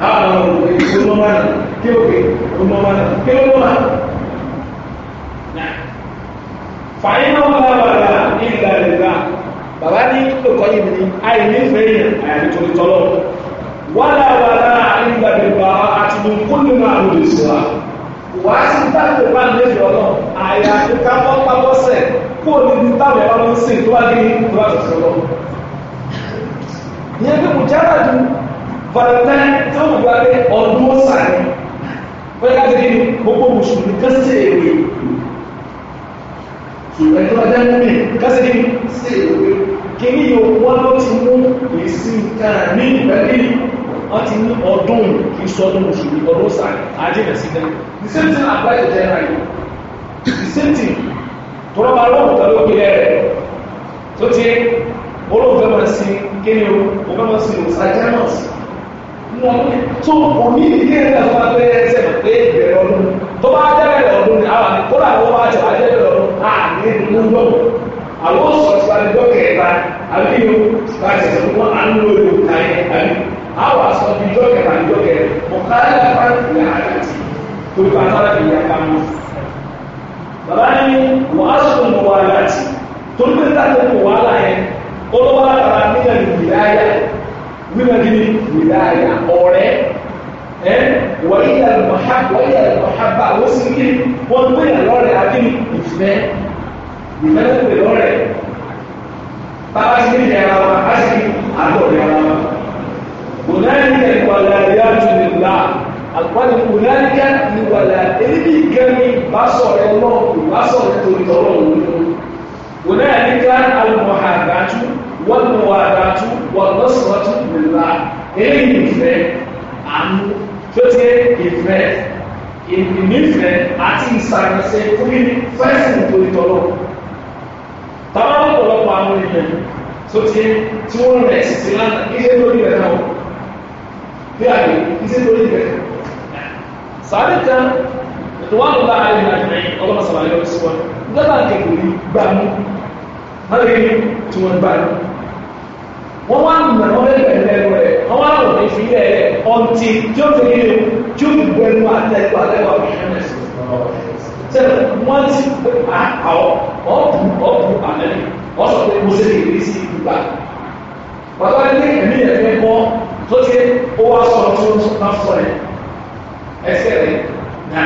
Àwọn olùgbé tó mọ́ máa nà kí òkè tó mọ́ máa nà kí ló máa nà. Fàyín náà wọ́n bá bàbá ní ìlà ìlà. Bàbá ní lóko yìí ni àìní ìfẹ́ yẹn àyàfi torí tọ́lọ́. Wàlá wàlá àìní ìgbàdìbà àti nǹkó nínú àrùn ìsìlá wàá sí táwọn ìpá nílé ọlọ́run àyà àfikà wọn pàbọ́ sẹ̀ kó o níbi táwọn ìpá wọn sì tó wá gé tó wá sọ̀rọ̀ lọ. ìyẹn bí mùjára ju valentine tó wù wá pé ọdún ó sàn ní wọ́n yá ti kí gbogbo mùsùlùmí kẹ́sì èwe ṣùgbọ́n tó ọjọ́ níbi kẹ́sì kí sí èwe kí ni yóò wọ́n ló ti mú èsì nǹkan ní ìgbẹ́lẹ́ wọ́n ti ní ọdún kìí sọdún mùsùlùmí ọdún sàn àjẹ́bẹ̀ sí the same thing apply to general yìí the same thing tọ́lọ́ bá lọ́wọ́ tàbí òkèlè rẹ̀ tó ti olóòfẹ́ máa sin kíni o òfẹ́ máa sin òsà germans wọn tó òní ìdílé rẹ̀ fún abẹ́rẹ́ ẹsẹ̀ pé ìbẹ̀rẹ̀ ọdún tó bá jẹ́rẹ̀ ọdún ni àwọn àkọ́lá àwọn bá jẹ́ àjẹ́rẹ̀ ọdún àní ìlú lọ́wọ́ àwọn sọ̀tìwájú kẹta àbí yóò bá jẹ́ àwọn aṣọ bíi jọ́kẹ̀ta ní jọ́kẹ̀rẹ̀ mọ̀kálá ti bá ti yà á ti torí bá sára ti yà ká mọ́. bàbá ní wọ́n á sọ̀rọ̀ ní wàhálà ti torí pé táàtì kò wàhálà yẹn olówó àtàrà nílẹ̀ ní wìláyà wíwẹ̀ ní wìláyà ọ̀rẹ́ ẹ wọ́n yà lọ́hábà wọ́n sì ní wọ́n gbé yà lọ́rẹ̀ àbí ìfẹ́ ìfẹ́ lọ́rẹ̀ bàbá sì ní ìyàrá wa á sì ní àgbọ̀ ìyàrá wa. هنالك الولايات لله àgbọ́dọ̀ kùnálíkà ní wàlà eléyìí gẹ́mí bá sọ̀rọ̀ ọlọ́ọ̀kù bá sọ̀rọ̀ torí tọ́lọ̀ òun kùnálíkà alùmọ̀hàdájú wọ́nmọ̀hàdájú wọ́nmọ̀sọ̀tú nìlá eléyìí ìfẹ́ àánú tó ti ìfẹ́ ìnífẹ́ àti ìsàkànṣe fún fẹ́sìn torí tọ́lọ̀ táwọn ọ̀pọ̀lọpọ̀ àwọn èèyàn tó ti tí wọ́n rẹ̀ sí ti lánàá kí lórí rẹ̀ náà bí àyè ìṣe tó lè bẹ̀rẹ̀. sàárè kan ètò wà lọ́la àyè àjẹ́ ọlọ́mọ sàlàyé ọ̀rẹ́ sí wọn nígbà kẹ̀kẹ́ rí gbà mú lọ́dẹ̀ ní tí wọ́n gbà mú. wọ́n wá nà wọ́n lè bẹ̀rẹ̀ lẹ́nu rẹ̀ wọ́n wá lọ́dọ̀ ní ìfilẹ̀ rẹ̀ ọ̀ntì tí ó fi nílé tí ó fi gbẹnu àtẹ́kọ̀ àtẹ́kọ̀ sẹ́nu wọ́n ti pé àwọn ọ̀pù tó ṣe ó wá sọ tí ó bá sọ rẹ ẹsẹ̀ rẹ náà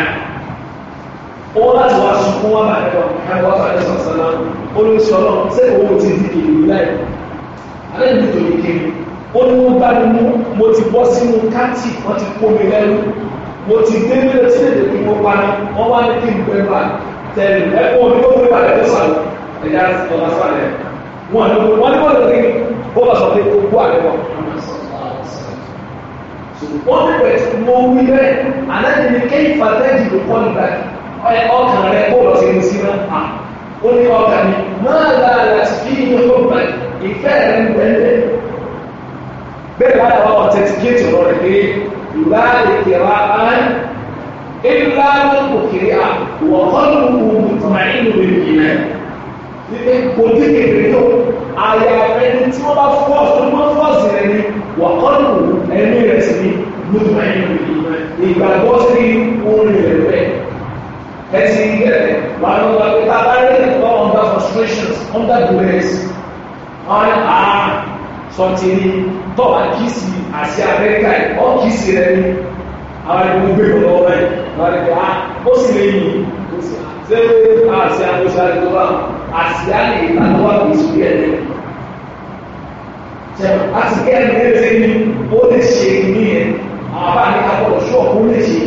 ó láti wá sọ fún wa bàtẹ wọn káàkiri wá bàtẹ sọsọ náà ó ló sọ náà ṣé owó ti di èlò láì alẹ́ ní tòlí kiri ó ní wọ́n bá mi mú mo ti bọ́ sínú káàtì wọ́n ti kó mi lẹ́nu mo ti dé nílé tí lè dèkú mo pa ni wọ́n wá ní kí wọ́n ti pẹ̀ tí mo wí bẹ́ẹ̀ anáyẹ̀ ni kéyìn fàtẹ́jì ló kọ́ nígbà ẹ ọkàn rẹ kó lọ sí ní sí náà ó ní ọkàn mi máa la láti kí ní ó gbà ìfẹ́ rẹ ń bẹ́ẹ̀ bẹ́ẹ̀ bá wà ọ̀tẹ̀tíkéètì ọ̀rọ̀ rẹ̀ pé ìlà ìkẹ̀rà án ìlà òkèrè à wọ̀ kọ́lù òkú tùmáìlú rẹ̀ yìí náà kò tí kékeré tó àyà ẹni tí wọ́n bá fọ́ọ̀sì wàkọ́nù ẹni rẹ̀ sí lóògbà ìlú ìgbàgbọ́ sí orin rẹ̀ rẹ̀ ẹsẹ̀ ìgbẹ́ wà ló wà pé tàbá rẹ̀ lọ under frustrations under duress on a sọtìrì tọ́wà kìsì àti Amẹ́ríkà ọ̀ kìsì rẹ̀ ni àwọn ẹni gbé lọ́wọ́ rẹ̀ wọ́n rẹ̀ á ó sì lè yìn ṣé àṣẹ àgbẹ̀sọ̀ àti tó bá àṣẹ àlè ìtàn tó wà kìsì rẹ̀ ni sẹ́nu láti kẹ́ ẹni lẹ́sẹ̀ ní ó lè ṣe ní ẹ̀ àbá ní akọ̀rọ̀ ṣọ́ọ̀kù lè ṣe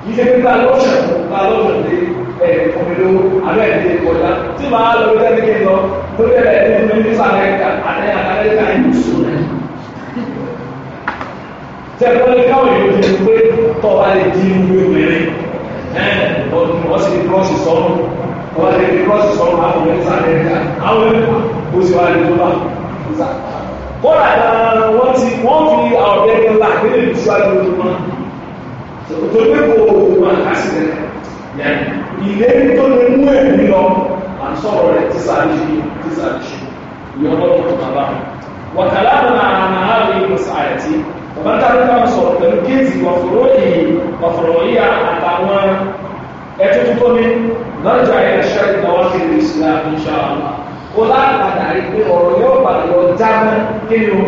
kì ṣe pípa lọ́ṣẹ̀ fún pa lọ́ṣẹ̀ lé ẹ̀ òmìnirò tí màá lọ bí tẹ́lẹ̀ lọ lórí ẹ̀ ní ọdún ní sàmẹ́ríkà àti àmẹ́ríkà ìlú sọ̀rọ̀ sẹ́nu kódà gan uh, wọ́n ti wọ́n fi ọ̀bẹ kan là nílé ìṣúwájú ojú wọn tó pé kò wọn àṣìlẹ̀ ìlérí tó lè mú èmi lọ à ń sọ̀rọ̀ rẹ̀ tí sàlẹ̀ tí sàlẹ̀ ìyọ́nbọ̀n tó bàbá wàkàlà àmà àmà àmì ìmọ̀sáyàtì bàbá táwọn kan sọ̀rọ̀ pẹ̀lú géètì wàfọ̀rọ̀ yìí wàfọ̀rọ̀ yìí àtàwọn ẹtútù tó ní lọ́jà ẹ̀ṣẹ́ ìgbàwọ́sẹ̀ ìsìlá ìṣàlá kó láàpadà rí pé ọ̀rọ̀ yóò padà lọ jámọ́ nínú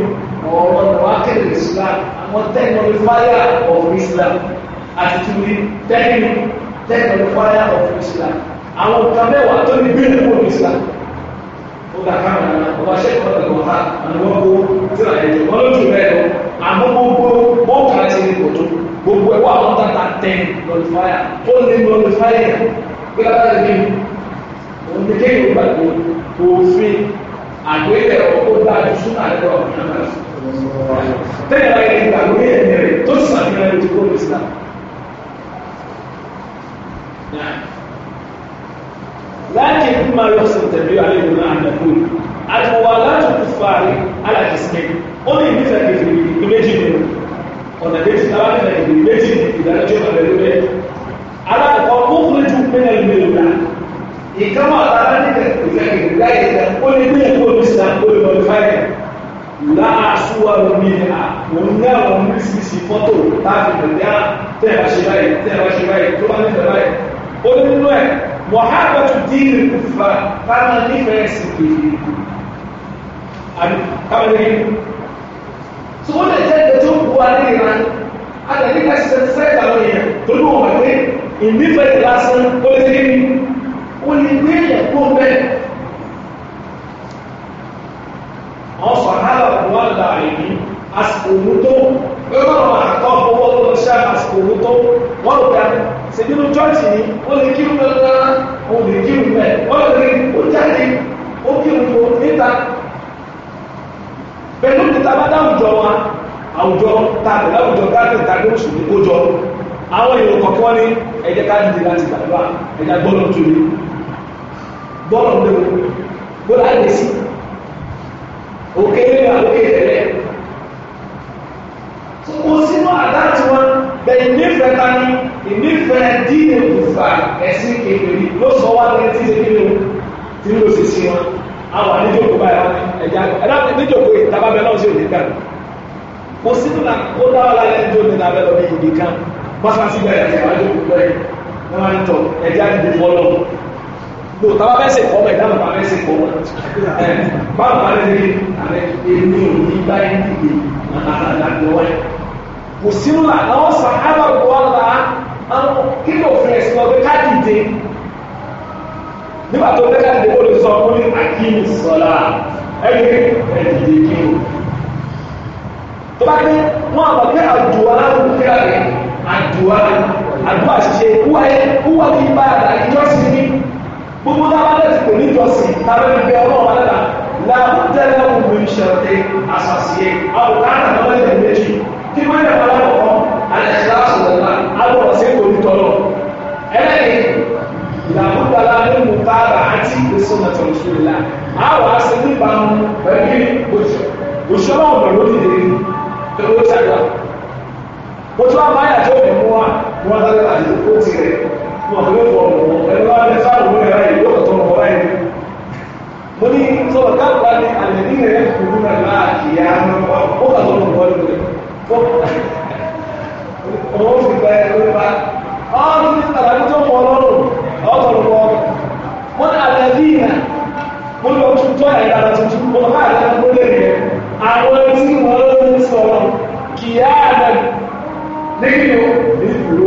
ọ̀rọ̀ nàwákìlì Islam àwọn tẹkinọlifáyà of Islam àtìtúbi fire of Islam àwọn nǹkan mẹ́wàá tó ní bí ìlú Islam ó dà káàmù náà ọba ṣẹ́kọ̀ọ́ ọ̀dọ̀ ọ̀ha àwọn ọkọ̀ tí wà lẹ́yìn wọn lójú rẹ̀ lọ àmọ́ gbogbo bóńkà ti ní kòtò gbogbo ẹ̀ wà wọ́n tàta tẹ̀ nọlifáyà ó ní nọlifáyà gbé òfin àgbélẹ̀ ọkọ̀ dájú súnà lọ́wọ́ tẹ́lẹ̀ ayé ìgbàgbé ẹ̀mí rẹ̀ tó sàmìlẹ̀ rẹ̀ tó kó lè sílá láti ẹ̀kú máa lọ sí tẹ̀lé àlejò náà àdàkù àtọwà láti kú fàárí aláàkìsíkẹ́ ó ní ìdíjà kejì méjì nù ọ̀nà méjì táwọn ìdíjà kejì méjì ìdájọ́ ìbàlẹ̀ lórí alákọ̀ọ́ kó kúrẹ́jú pẹ́ẹ́lú mélòó náà ìkámọ́ àtàlẹ́ láì sá ó lè gbé ẹ̀kọ́ ní sá ó lè mọ̀ fáyà láàásù wà lórí ìhà òun ní àwọn oríṣiríṣi fọ́tò láti lè dá tẹ́ẹ̀bà ṣe báyìí tẹ́ẹ̀bà ṣe báyìí tó bá nífẹ̀ẹ́ báyìí ó ní nínú ẹ̀ mọ̀hábà tó dín ní kúfà káàmà nífẹ̀ẹ́ sí kéde káàmà nífẹ̀ẹ́ tí wọ́n lè jẹ́ ẹgbẹ́ tó kú wa ní ìran àtàlí ká ṣiṣẹ́ sẹ́ẹ̀tà lọ yẹn tó ní wọ́n wà pé ìnífẹ̀ẹ́ lásán ó lè ní ó lè gbé ẹ̀kọ́ bẹ́ẹ̀ àwọn sàhálà ọ̀dùn wà lọ́dà àìní àsìkò òun tó wọ́n máa wà àkọ́ owó lọ́dọ̀ ṣá àsìkò òun tó wọ́n lò dá ṣèdínú chọ́ọ̀tì ni ó lè kírun lọ́dọ̀ ó lè kírun bẹ́ẹ̀ wọ́n lè rí ó jáde ó kírun tó níta pẹ̀lú níta bá dáwùjọ wa àwùjọ tàbí láwùjọ tàbí tàbí mùsùlùmí kó jọ àwọn èèyàn kọ̀ọ̀kan ní ẹ̀jẹ̀ ká dìde láti òkè nígbà òkè tẹ̀lẹ̀ tó kó sínú àdájú wọn bẹ ìnífẹ̀ẹ́ ta ni ìnífẹ̀ẹ́ dínà òfà ẹ̀sìn kékeré ló sọ wá ní tí ṣe kí ló tí ló ṣe sí wọn àwọn àníjòkó báyà ẹ̀já ẹ̀dá níjòkó ìtabàbẹ̀ náà sì ò ní gbà kò sínú là ó dáwọ́ lálẹ́ ní òní lábẹ́ lọ ní ìdí kan pásítọ̀ sí bẹ̀rẹ̀ ìyàwó àjòkó bẹ̀rẹ̀ wọ́n máa tọ̀ ẹ̀já ìdìbò ọlọ́run lò tábà fẹ́ sèkọ́ ọmọ ìdáhùn bá fẹ́ sèkọ́ ọmọ ẹ báwo máa lè rí àlẹ́ èmi ò ní báyìí dìde àdàdàdà wáyé kò sínú àwọn sàkábà wà lá kí ló fẹ́ sí ọ pé ká dìde nígbà tó fẹ́ ká dìde kó lè sọ fún ní akíní sọlá ẹni ẹ dìde kí o tó bá dé wọn àgbà pé àdùá àdùá àdùá àdùá ṣiṣẹ́ wúwa yẹ wúwa kí bá àdàdà ìjọ́sìn ní gbogbo tábàlẹ̀ tí kò ní jọsìn tábàlẹ̀ bí ọlọ́run alẹ́dà làwọn tẹ́lẹ̀ òun ní ṣẹ̀rọ̀tẹ́ àṣàṣìyẹ àwọn káàtà lọ́wọ́ ẹ̀jẹ̀ méjì kí wọ́n yẹ kọ́lá kọ̀ọ̀kan àlẹ́sìlá sọ̀rọ̀lá alọ́rọ̀ sí kò ní tọ́lọ̀ ẹlẹ́yìn làwọn dala nínú táàbà àti ìgbésọ̀ nàtọ̀ ìṣúlá àwọn aṣọ níbàámu pẹ̀lú òṣùwọ̀n ọ̀gbọ̀n lódìdí ẹ̀rọ ṣàgbà mo ní sọ̀rọ̀ káàkiri ní àlẹ́ní rẹ̀ kúrú náà máa kìí àmọ́ ó kà tó lọ́wọ́ lórí rẹ̀ ó ó fi gba ẹ̀ lórí bá ọ́ ní àlàyé tó mọ ọlọ́run ọ́ tó lọ́wọ́ mo ní àlẹ́ní rẹ̀ mo ní oṣù tó ẹ̀rọ àlọ́ tuntun mo bá àlẹ́ tó lé rẹ̀ àwọn tí wọ́n lọ́wọ́ sọ̀rọ̀ kìí àmọ́ nígbìmọ̀ ní ìlú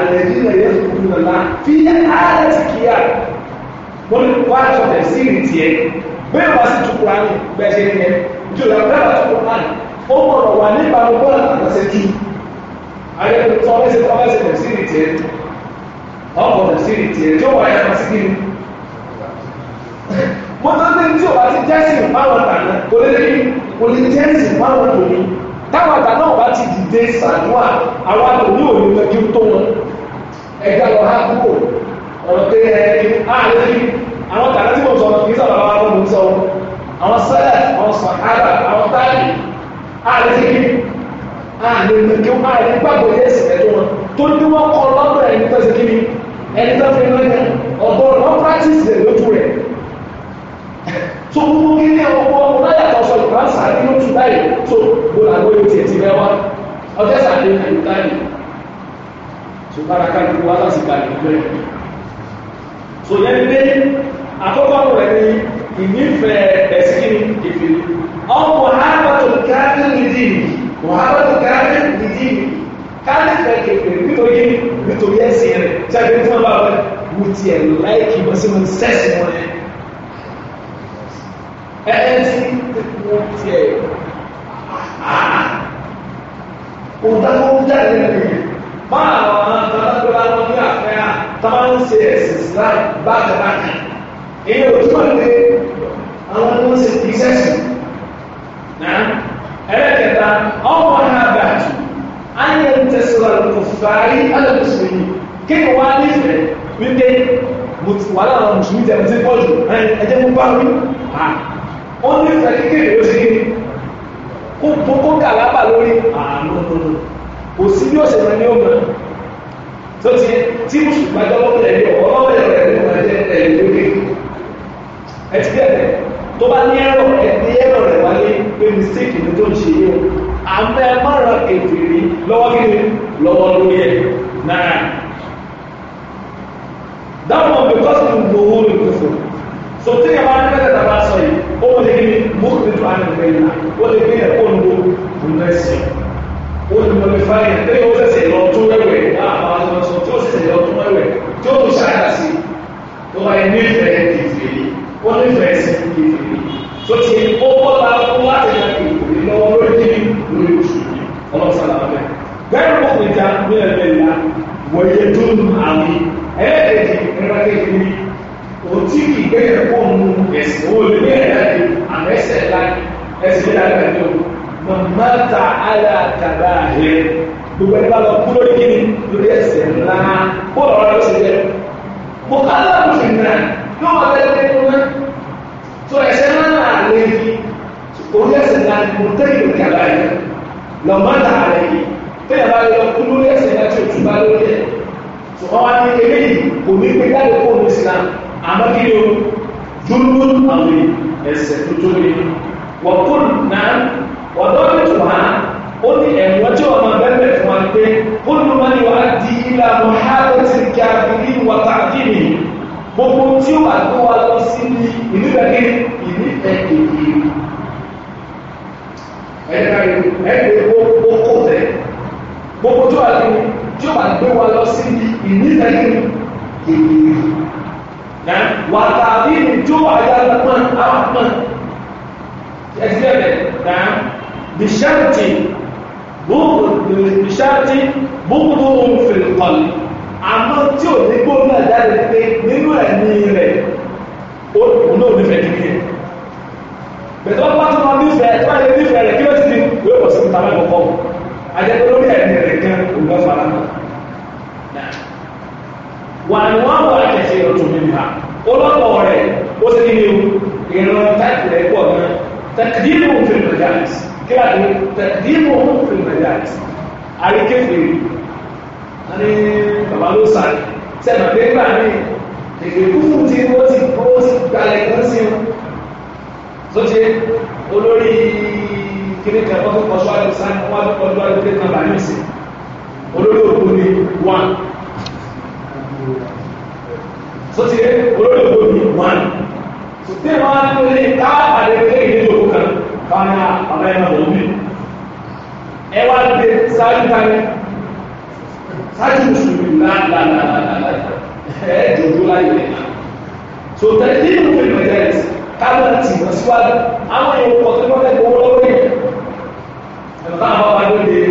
الذين يذكرون الله في حالة قيام wọ́n wá sọ̀rọ̀ sí ìrìtì ẹ̀ bẹ́ẹ̀ wá sí tukura ní bẹ́ẹ̀ ṣe ní ẹ̀ jùlọ bẹ́ẹ̀ wá tukura ní ó gbọ́dọ̀ wà nípa gbogbo àtàkọ́sẹ́ jù ayẹyẹ tó ọmọ ẹsẹ̀ ọmọ ẹsẹ̀ sí ìrìtì ẹ̀ ọgbọ̀dọ̀ sí ìrìtì ẹ̀ tí ó wà yàtọ̀ sí kíni. mo tọ́ sí tí o bá ti jẹ́sìn fáwọn tàná kò lè kí kò lè jẹ́sìn fáwọn tòun táwọn àgbà náà bá ti dìde sàdúà àwọn àtòní òní lẹ́jú tó wọn ẹ̀dá lọ ha kúrò ọ̀rọ̀ pé ẹni àárẹ̀ fi àwọn tàbí tí mo sọ kì í sọ̀rọ̀ àwọn ọmọ mi sọ àwọn sẹ́lẹ̀ àwọn sàkárà àwọn táyì àárẹ̀ fi àárẹ̀ lẹ́jú àárẹ̀ gbàgbọ́ yẹ ẹsẹ̀ tó wọn tó ní wọ́n kọ́ lọ́dọ̀ ẹni tó ṣe kí ni ẹni tó fi lọ́yẹ ọ̀gbọ́n wọn practice rẹ̀ lójú rẹ̀ tó kúrú nílé ọkọ̀ ọ̀dáyàtọ̀ sọ ìgbà sàárì ló tún báyìí tó gbọ́dọ̀ àgbọ̀ ètò ẹ̀tì rẹ wá ọjọ́ sàárì àyíká yìí tó bára ká ní wá láti gbà yìí bẹ́ẹ̀. tó yẹn ní àkọ́kọ́ rẹ̀ ni ìnífẹ̀ẹ́ ẹ̀sìn kí ni ìfìlì ọkọ̀ àbàtò káàdì nìdí wọ́n àbàtò káàdì nìdí káàdì fẹ̀kẹ̀ nítorí nítorí ẹ̀sìn rẹ̀ tí a ẹni tí wọ́n ti ẹ̀ òǹtakọ́jà lẹ́nu yìí máa àwọn àtàlágbọ́lá wọn ní àfẹ́ à táwọn ń ṣe ẹ̀sìn islam bákàbákà èyí ò túmọ̀ pé àwọn tó ń ṣe ìṣẹ́sì náà ẹlẹ́kẹta ọmọ náà gbà jù ayé ń tẹ̀síwájú kò fàáyé alẹ́kùsùn yìí kí ni wọ́n á nífẹ̀ẹ́ wípé wàhálà àwọn mùsùlùmí tẹ̀ ń ti pọ̀ jù ẹjẹ́ mú bá wí wọ́n ní ìfẹ́ kékeré ó sì ní kó kókó kàlábà lórí àánú ah, lónìí kò sí bí ọ̀sẹ̀ náà ní ọmọ tó ti tí mùsùlùmí bá jọ́ lọ́pẹ̀lẹ̀ ní ọ̀pọ̀ lọ́pẹ̀lẹ̀ rẹ̀ ní ọmọ jẹ́ ẹ̀yìn lókè ẹ ti bẹ̀rẹ̀ tó bá ní ẹ̀rọ ẹ̀ ní ẹ̀rọ rẹ̀ wáyé pé mistake ni tó ń ṣe yẹn àmọ́ ẹ má ra ètìrí lọ́wọ́ kíni lọ́wọ́ lórí ẹ̀ náà dáwọn ọmọ bẹ̀kọ́sì ń gbowó lè kófò so tí ẹ bá ní ó lè ní múlùmílù àgbègbè ìlà ó lè ní ẹ̀kọ́ ń lo ìrẹsì ó lè mọ̀ nípa ẹ̀ pé ó ṣẹ̀ṣẹ̀ lọ tó wẹ̀wẹ̀ àwọn aṣọ tó ṣẹ̀ṣẹ̀ lọ tó wẹ̀wẹ̀ tó tó ṣáàdà sí tó wà ní ìfẹ̀ẹ́ ìfèrè wọ́n nífẹ̀ẹ́ sí ìfèrè tó ti ó bọ́ la kó láti ṣe ìfèrè lọ́wọ́ lórí kí lórí oṣù ọlọ́sàlá bẹ́ẹ̀ bẹ́ẹ̀ mọ̀ níta ní ẹ̀mẹ́ta wọ̀nyẹ tó ń àmì ẹ̀ẹ́dẹ̀ẹ̀dẹ̀ ẹ̀rọ kò tí kì í gbẹ́yẹ̀ fún òun ẹ̀sìn owó lè bẹ̀rẹ̀ láti àmẹ́sẹ̀ láti ẹ̀sìn lè láti ẹ̀jọ́ màmá ta ara tàbá rẹ̀ gbogbo ẹni bá lọ kú lórí kíni lórí ẹ̀sẹ̀ ńlá kó lọ́wọ́ ló ṣe jẹ́ mo ká lọ́wọ́ sì nà yóò wọ́n tẹ́lẹ̀ tẹ́lẹ̀ mọ́ tó ẹ̀sẹ̀ ńlá náà lè fi orí ẹ̀sẹ̀ ńlá ni mo tẹ́lẹ̀ lórí àbá yẹn lọ́mọ́ ta rẹ̀ yìí bẹ́ẹ̀ bá lọ kú lórí ẹ̀sẹ̀ ńlá tí o tún bá lórí ẹ̀ ṣùgbọ́n wá ní eléyìí kò ní pé jáde kó o ní Islam àmọ́ kí o dúró àwọn ẹsẹ̀ tó tó ní wọ́n kó náà wọ́n tọ́jú tó wá ó ní ẹ̀wọ́n tí wọ́n máa bẹ́ẹ̀ fún wa pé ó ní wọ́n ní wàá di ilà mọ̀hálẹ́sì kí a fi ní wọ́tà kí ni gbogbo tí ó wà tó wà lọ sí gbogbo tí ó wà gbé wa lọ sí ní ìlú ìgbàgbé ìlú wàtàbí ìjó àyàgbọ́n àpọ̀n ẹgbẹ́ rẹ̀ náà bìṣẹ́ǹtì bìṣẹ́ǹtì búkúrú ohun fìrìkọ̀lì àmọ́ tí ò ní gbóná jáde pé nínú ẹ̀mí rẹ̀ òun náà nífẹ̀ẹ́ kíkẹ́ bẹ̀tọ́ bá tún wọn nífẹ̀ẹ́ tí wọ́n yẹ nífẹ̀ẹ́ rẹ̀ kí ló ti di yóò pọ̀ sí ìtàwọn ẹ̀kọ́ wà ní wọ́n wà ẹ̀sẹ̀ ìrọ̀tún mi ha ó lọ́pọ̀ rẹ̀ ó sì ní ewu ìran táìpù rẹ̀ pọ̀ náà tẹ̀kídìmù fún ìmọ̀jáàlìs kí láti ní tẹ̀kídìmù fún ìmọ̀jáàlìs àríkèfèrè a ní bàbá ló sáré sẹ́nà pé gbà ní èdè kúfù tí ó ti kó gbalẹ̀ kan sí wọn tó ṣe olórí kíníkà wọ́n tó kọ́ sọ́ọ́ àdìsá wọ́n tó kọ́ sọ́ọ́ àdìsá olórí òkú ni one so ti olórí òkú mi wọn so tí wọn á tó lé ká àdé pé èyí ló kú kan káwọn ní àwọn ẹ̀ma ló mi ẹ wá dé sáájú kárí sáájú mùsùlùmí lánàánàánà ẹ jòjó láyé lẹ́yìn so tẹ̀lé ní ìlú fèrè mẹ́tẹ́rẹ́sì káwọn ti wọ́n síwájú àwọn èèyàn kọ̀ọ̀tún lọ́dẹ̀ gbowó lọ́wọ́ yẹn ẹ̀rọ táwọn bá wà lóde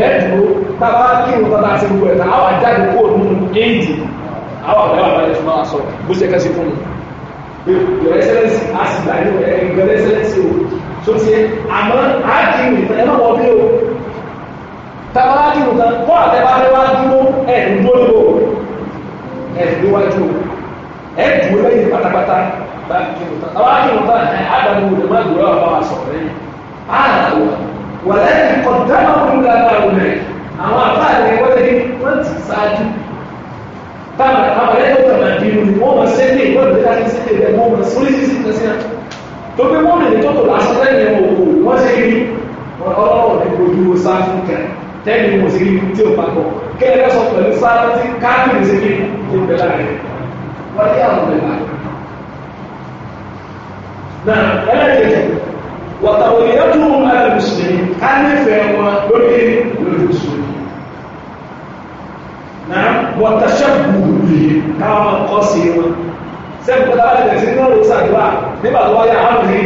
mẹ́dùn tábà kí o tọ́ta sí gbogbo ẹ̀ta àwọn àjáde kó nínú éèdì àwọn àgbẹ̀wà bá yẹn fún wa sọ bó ṣe kẹ́sí fún mi your excellence a sì gbà ní your excellence o tó ti àmọ́ a kì í nìkan ẹ̀ lọ́wọ́ bí o tábà kí o tán kó àtẹ́bá fẹ́ wá dúró ẹ̀ ń dúró o ẹ̀ ń déwájú o ẹ̀ dúró lẹ́yìn pátápátá bá kí o tán tábà kí o tán àdàmú ìdè má dúró àwọn wàlẹ́yìn kọ̀dánà òun lára òmìnir àwọn àbáàdé wọ́n ti wọ́n ti ṣáájú báwọn àwọn ẹ̀yọ́ kàmá di irun wọ́n mọ̀ sẹ́lẹ̀ wọ́n ti dájú sílẹ̀ rẹ̀ wọ́n mọ̀ sórí sísí kẹsí náà tó pé wọ́n lè tó tó lásán lẹ́yìn ẹ̀wọ̀n òkú wọ́n ṣe rí ọlọ́wọ́ ní ojú wo sáfún kẹ tẹ́lẹ̀ mo sì rí tí ò bá bọ̀ kẹ́lẹ́ sọ pẹ̀lú sáfún tí káàkiri ṣe kí ó bẹ̀ láàrin wọ́n ti àwọn ọ̀bẹ̀ láàrin. náà ẹlẹ́yìn wọ̀tàwọ̀ ìyá tó ń bá mùsùlùmí ká nífẹ̀ẹ́ wọn lórí lórí mùsùlùmí na wọ̀tàṣẹ́ gbùgbùgbù káwọn kọ́ sí wọn sẹ́kù tó dábàá tẹ̀sí ní ọ̀rọ̀ sàdúrà nígbà tó wáyé àmì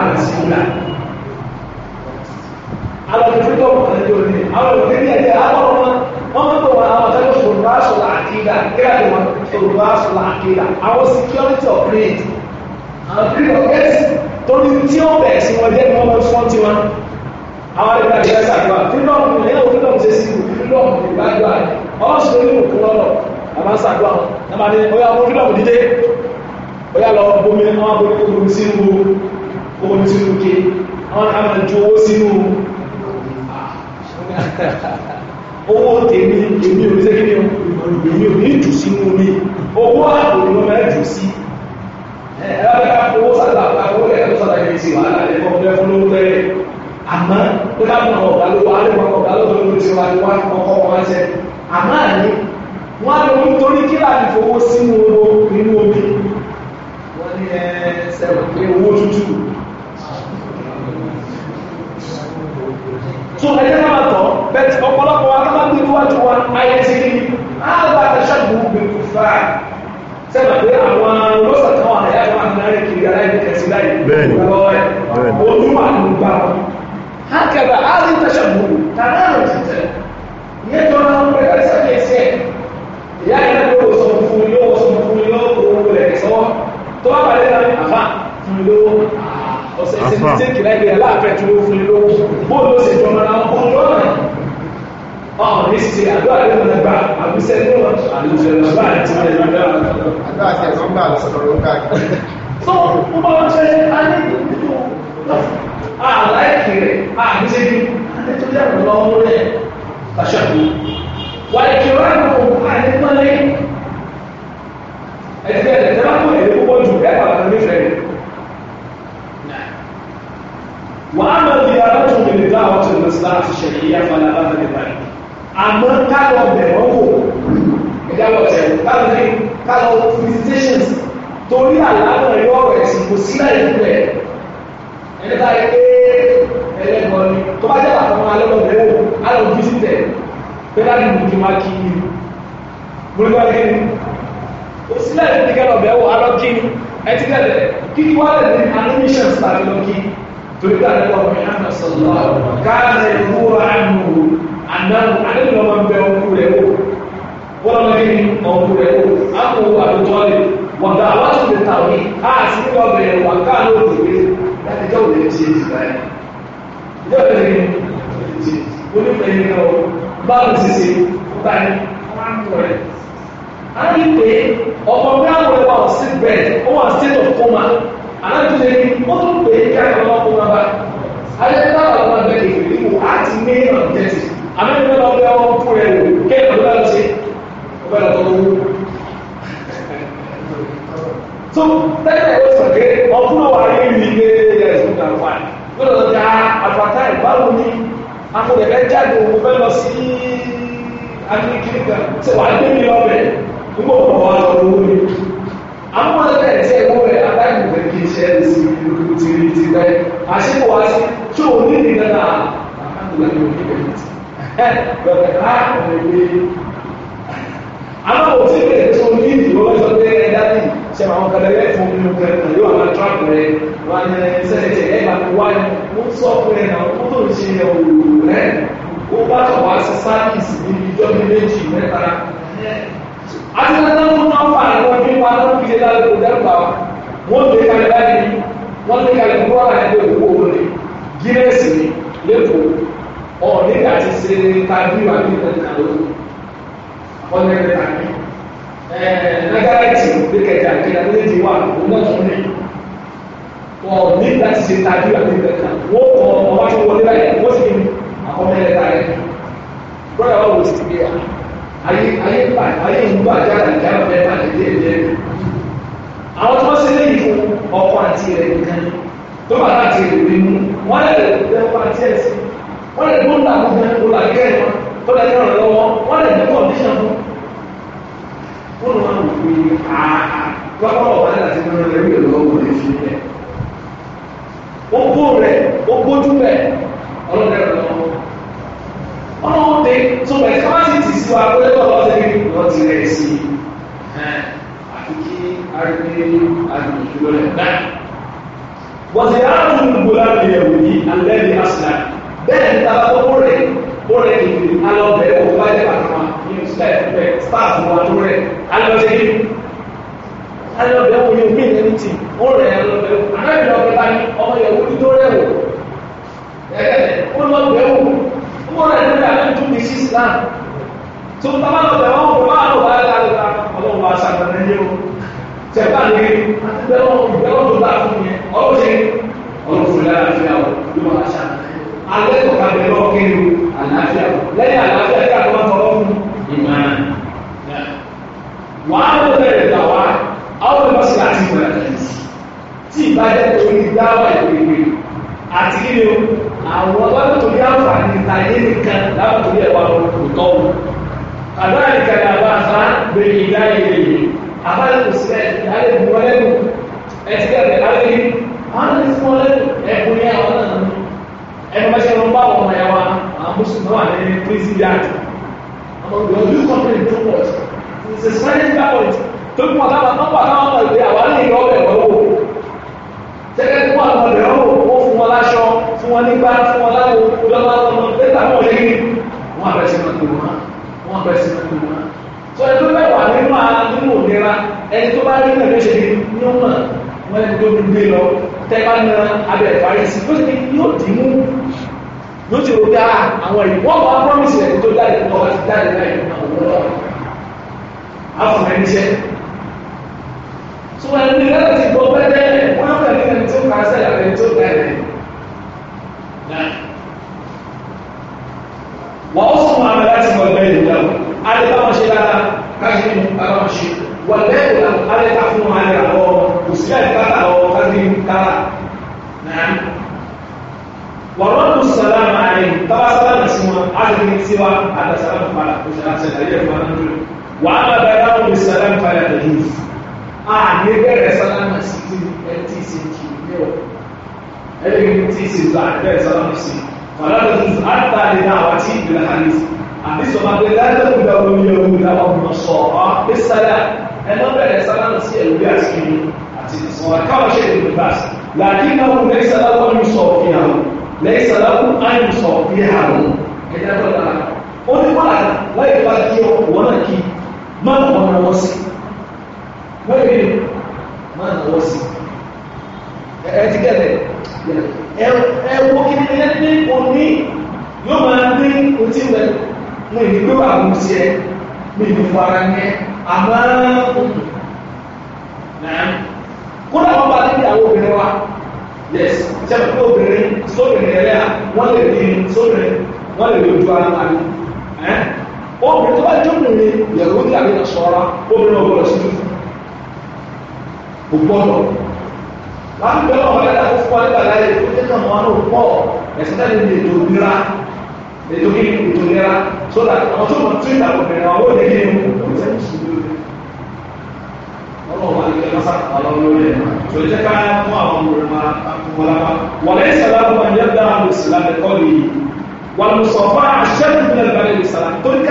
àtìsíwìlà àwọn òfin tó wọ̀ ní òní àwọn òfin ní ẹ̀jẹ̀ àwọn ọmọ wọn máa ń bọ̀ wọn àwọn ọ̀tẹ́lẹ̀ ṣòro aṣọ̀lá àkídà kíláàdì wọn ṣòro aṣọ̀lá àkídà àwọn security of faith and freedom of faith torí tí ó bẹ̀rẹ̀ sí wọn jẹ́ kí wọ́n mọ fún ti wọn àwọn ẹgbẹ́ àti ẹgbẹ́ sàdúrà fílọ́ọ̀mù ẹ̀yà fílọ́ọ̀mù ṣe sí fílọ́ọ̀mù ìgbàjọ àyè ọ̀hún sì lórí òkú lọ́rọ̀ àmà sàdúrà wọn àmà ní ọyà wọn fílọ́ọ̀mù dídé ọyà lọ bomi wọn bomi omi sínú omi sínú ké wọn àmà ju owó sínú ah, owó tèmi èmi ò ní sẹ́kìnnì èmi ò ní jù sínú omi owó àpò ni wọ́n sí ẹ̀rọ bí ká owó sábà ká owó ẹ̀rọ sábà yẹn ti wàhálà ẹ̀ kọ́ bẹ́ẹ̀ fún lóore àmọ́ ó dábò náà ọ̀gá ló wà á lè wọ́n ọ̀gá ló lórí ti wà ní wọ́n kọ́ wọn jẹ àmọ́ àní wọ́n á so ẹ̀yẹ́ náà tọ̀ bẹ́ẹ̀ ọ̀pọ̀lọpọ̀ wa ló bá gbé níwájú wa ayé ti rí àgbà àtẹ̀ṣẹ́ gbogbo sẹ́nà pé àwọn olóṣà kan wà láyé àwọn àmàlẹ́ kiri aláìní kẹsí láyé lọ́wọ́ ẹ̀ olúwa ló gbà wọn. hákẹ́bà á rí tẹ̀sán mú tàbí àrùn títẹ̀ ìyẹn tó náà ń pẹ̀lú ẹ̀sẹ̀ kí ẹsẹ̀ ìyá ìyá ló wò sọ fún mi lọ́wọ́ sọ fún mi lọ́wọ́ owó rẹ̀ sọ́wọ́ tó bá balẹ̀ náà àfà fún mi lọ́wọ́ ọ̀sẹ̀ ìṣẹ́ Ah, ọ̀hún ní ṣe àdúrà lẹ́nu ẹgbà àbíṣẹ́ nínú àlùfẹ́ bàbá àti ẹ̀rọ náà. àdúrà tí ẹ̀sán bá sọ̀rọ̀ ń káàkiri. tó o bá wọn ṣe alẹ́ nínú àláìkiri àbíṣe bí nítorí àwọn ọmọ rẹ̀ pàṣẹ. wà á kí wọ́n mú àlẹ́ mọ́lẹ́ ẹ̀sìn ẹ̀sìn tẹ́lá fún èrè púpọ̀ jù ẹ̀ pàtàkì nífẹ̀ẹ́ وأما زيارته من دعوة المصلحة الشرعية فلا بأس بذلك àmọ́ kálọ̀ bẹ̀rọ̀ wò ẹ̀dá lọ́sẹ̀ kálọ̀ ní kálọ̀ visitations torí àlànà ẹ̀rọ ọ̀rọ̀ ẹ̀sìn kò sílẹ̀ ìpínlẹ̀ ẹni bá yẹ pé ẹlẹ́gbọ̀n ni tó bá jẹ́ àwọn ọmọ alẹ́gbọ̀n bẹ̀rẹ̀ wò alọ́ visitẹ̀ pẹ́lá ní ìdí máa kí ni gbogbo ẹgbẹ́ ni kò sílẹ̀ ìpínlẹ̀ kálọ̀ bẹ̀rẹ̀ wò alọ́ kí ni ẹtí kẹlẹ̀ kí wá lẹ̀ ní animations tàbí lọ́kì torí kálọ̀ ọ̀rọ̀ mi àdánù àdéhùn ọmọ bẹ ọkùnrin rẹ̀ wò wọ́n lọ ní ọkùnrin rẹ̀ wò àpò àdójọ́ rẹ̀ wọ̀dà aláṣọ lè ta òní káàsì nípa bẹ̀rẹ̀ wà káàló òkèwé láti jẹ́ òní ti èjì báyìí ìjọba ẹni ti onífẹ̀ẹ́ yìí náà báwo ti ṣe báyìí wọ́n á ń tọ̀ rẹ̀ a ní pé ọmọ bí àwọn ẹwà ọ̀sìn bẹ́ẹ̀ ó wà state of coma alájọyẹ ni ó tún pè é kí àgbà ọmọ kó máa bá ayẹyẹ bá àwọn ọmọ abẹ́kẹ̀kẹ̀ nínú àti main objective amẹ́rin náà wọ́n wọ́n kú rẹ̀ lò kéèyàn ló bá lọ sí ọgbẹ́ lọ́tọ́ tó wú. tó tẹ́lẹ̀ ó sọ pé ọkùnrin náà wà rí mi ní ilé ẹ̀sùn kan fà lọ́dọ̀ ta àbàtà ìbáwò ni amúlẹ̀fẹ́ jáde òun fẹ́ lọ sí akíkiri kan ṣe wà á gbé mi lọ́bẹ̀ nígbà òun wà lọ lọ́wọ́ mi. àwọn ọmọdé bẹ̀rẹ̀ sí ẹ̀wọ́ rẹ̀ adáyọ̀ kì í ṣe lọ́tẹ̀ ká ọ̀nà ìwé àwọn òtí rẹ̀ tó ní ìdìbò ọjọ́ tẹ́ ẹ dání ṣe àwọn kẹlẹ́ rẹ̀ fún mi kẹlẹ́ náà yóò àwọn tíráàpù rẹ̀ wọn ẹ sẹ́sẹ̀ ẹ bá mi wáyé mo sọ fún ẹ náà mo tó ń ṣe ẹ òòrùn rẹ̀ ó bá tọ̀ wá sí sáàkìsì níbi ìjọ mi méjì mẹ́ta àti nana tó máa ń fa àwọn ọdún wa ló fi lé lálẹ́ kó dẹ́rùbà wa wọ́n lè kalẹ̀ báyìí wọ́n lè kalẹ̀ kúrọ́ àyẹ̀wò òwò rẹ̀ gírẹ́sì ni lẹ́kọ̀ọ́ ọ̀rẹ́ àti ṣe tàbí ní ìlú ìlú ọ̀nà ẹ̀rẹ́ tàbí nàgàrẹ́tì ní kẹjà kẹjà wà òun náà ní ọ̀rẹ́ láti ṣe tàbí ní ìlú wọ́n kọ́ ọmọ tó wọlé báyìí wọ́n sì ní àkọ́mẹ́rẹ́ tàbí brọ́dà wà wò sí pé ayé ayé ń bà ayé ń bà jáde jáde mẹ́ta lè dé ìlú ẹ̀rọ àwọn tó ṣe lẹ́yìn fún ọkọ àti ẹ̀rẹ́ nìkan tó bá láti èrè mú wọ́n lè lè fún ọkọ àti ẹ̀sìn wọ́n lè dún làkú fún un làkẹ́ ẹ̀ tó lè kẹ́rọ̀ lọ́wọ́ wọ́n lè dún kọ̀ọ̀díṣàn fún un. wọ́n lè máa wò pé lọ́kọ́ ọ̀bá ní àti nínú rẹ̀ wíwẹ̀ lọ́wọ́ lè fi bẹ̀. ó bó rẹ̀ ó bójú bẹ̀ ọlọ́dẹ̀rẹ̀ lọ́wọ́. ọlọ́wọ́ de tó bẹ̀ kámásìtì sí wa pé lọ́wọ́ lọ́wọ́ tẹ́lẹ̀ lọ́wọ́ ti rẹ̀ sí i. àfi kí arúgbó àgbègbè lọ́lẹ̀ náà. wọ́n ti rà á tún gbogbo láti ẹ̀wò yìí alẹ́ ní asìlẹ̀ bẹ́ẹ̀ ni tàbá tó kórè kórè kìkì alọ́bẹ̀ kò bá jẹ́ pàtàkì ní sẹ́ẹ̀fẹ̀ stars wọn tó rẹ̀ alọ́bẹ̀ kìkì alọ́bẹ̀ kò yóò mí ìlẹ́ni tì ó rẹ̀ alọ́bẹ̀ kò anábìlẹ̀ ọ̀bẹ̀ bá ní ọmọ yẹ̀wò ní tó rẹ̀ wò ẹ̀ẹ́ ó lọ́bẹ̀ wò ó mọ̀ rẹ̀ nígbà tó tún ní Islam tó bàbá lọ́bẹ̀ wọn kò bá lọ́ bá lára ọlọ́run bá ṣàgbọ̀n ẹ̀yẹ́ o tẹ̀bá ní àtẹ̀bẹ̀ wọn ìgbẹ́wọ̀n tó bá fún yẹn ọ̀rọ̀ alẹ́ tó ká lè lọ kiri o àlàáfíà lẹ́yìn àlàáfíà kí àtọ́ bá tọ́ lọ́wọ́ fún ìmọ̀ wàá ló bẹ̀rẹ̀ gbà wá àwọn ọmọ sí àti ìwà tí ìbàjẹ́ tó ní dáwà ìwéwé àti kí ni o àwọn ọlọ́dún tó ní àǹfààní ìtàgé nìkan láwọn tó ní ẹ̀wà òtọ́ o àbá ìkàlẹ̀ àbá àbá bèrè ìdá ìrèlè àbá lẹ́kọ̀ọ́ sílẹ̀ alẹ́ bùrọ̀ ẹnu bá ṣe ló ń bá wọn ẹ wa àwọn mùsùlùmí wà ní prison yard àwọn olùdókòwò company tó pọ̀ it's a spanish government tó kún ọ̀tá wọn náà wà náà wọn ìgbé àwọn àlè ìyọ́ ọ̀bẹ̀ wọ́n wò jẹ́gẹ́ tí wọ́n lọ́ọ̀bẹ̀ wọ́n wò ó fún wọn láṣọ fún wọn nígbà fún wọn láwo lọ́wọ́ lọ́wọ́ lẹ́tà wọn lé wọn abẹ́ sí tó wọn tẹ́gbà na abẹ́ ìparí sí ló ti yóò dì mú yóò ti rògbà ah, àwọn ìwọ́n bá promise rẹ̀ tó jáde lọ láti jáde láì àfọ̀mọ́ ẹniṣẹ́ tó wà ní láti gbọ́ pẹ́tẹ́ wọ́n fẹ́ ní ẹni tó kàá sẹ́yà ẹni tó kàá ẹ̀ wọ́n ó fún àwọn láti gbọ́ pẹ́ ìlú kò sí àìkára ọ̀rọ̀ kájí kára náà wàlọ́dún sàlámù àyè tábà sàlámù sí wọn àdìrí tí wa àdà sàlámù padà kò sí àti àyè ẹ̀fọ́ àdúró wàhálà bẹ̀rẹ̀ àwọn ọmọ sàlámù padà lè yí àní bẹ̀rẹ̀ sàlámù sí ti ẹ̀ tí ì ṣe kì í ní ọ̀ ẹ̀ lè ní tí ì ṣe gbà bẹ̀rẹ̀ sàlámù sí wàlọ́dún àtàlẹ́ náà wà tí ìgbìlẹ̀ àdìsí وذكر شيء ابن باز لكنه ليس له ان يصافيه ليس له ان يصافيه كده ولا ó ní wọ́n láti láì bá jẹ́ ọkùnwọ́n náà kí máa wọ́n náà wọ́n sí wẹ́rẹ́ máa náà wọ́n sí ẹ ti gẹ́lẹ̀ ẹwọ́ kí ní ní oní yóò máa ní otí rẹ̀ mú ìní pé wà mú sí ẹ mú ìní fara ní àmọ́ kó náà wọ́n bá dé bí àwọn obìnrin wa yes sẹ́mi pé obìnrin sóbìnrin ẹlẹ́yà wọ́n lè rí sóbìnrin wọ́n lè rí ojú ara wọn obìnrin tó bá jẹ́ obìnrin yẹ̀rọ ní àbí nàṣọ́ra obìnrin ọgbọ́dọ̀ sí ní kò gbọ́dọ̀ wọ́n á bẹ̀rẹ̀ ọ̀rẹ́ ẹ̀dá fún wọn nígbà láyé tó tẹ́tà mọ́ wọn ó pọ̀ ẹ̀sìn náà lè ètò ìlera ètò kí ètò ìlera sódà àwọn tó mọ̀ tó ìdàgbọ̀n bẹ̀rẹ̀ àwọn ò وليس له ان يدعى عن الاسلام بقوله والمصطفى اشد من البني الاسلام تلك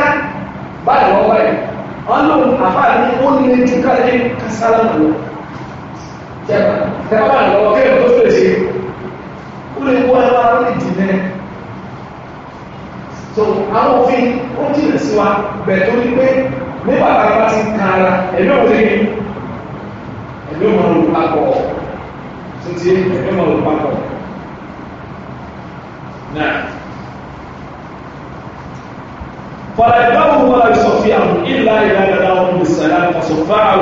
بعد وقعه ọlọ́run àfáà ní ó ní ojú káàdé kásálà náà lọ tẹ́bà lọ́wọ́ kí ẹ̀kọ́ tó lè ṣe ó lè wọ́n ẹ̀rọ ara lè jù mẹ́rin so àwọn òfin ó jìnà sí wa bẹ̀ẹ̀ tó ní pé ní bàbá bá ti kan ara ẹ̀mí òfin yóò máa rò papọ̀ tó ti yóò máa rò papọ̀ náà. فلدعوه ولا يصفعه إلا إذا بلغهم بالسلام فصفعه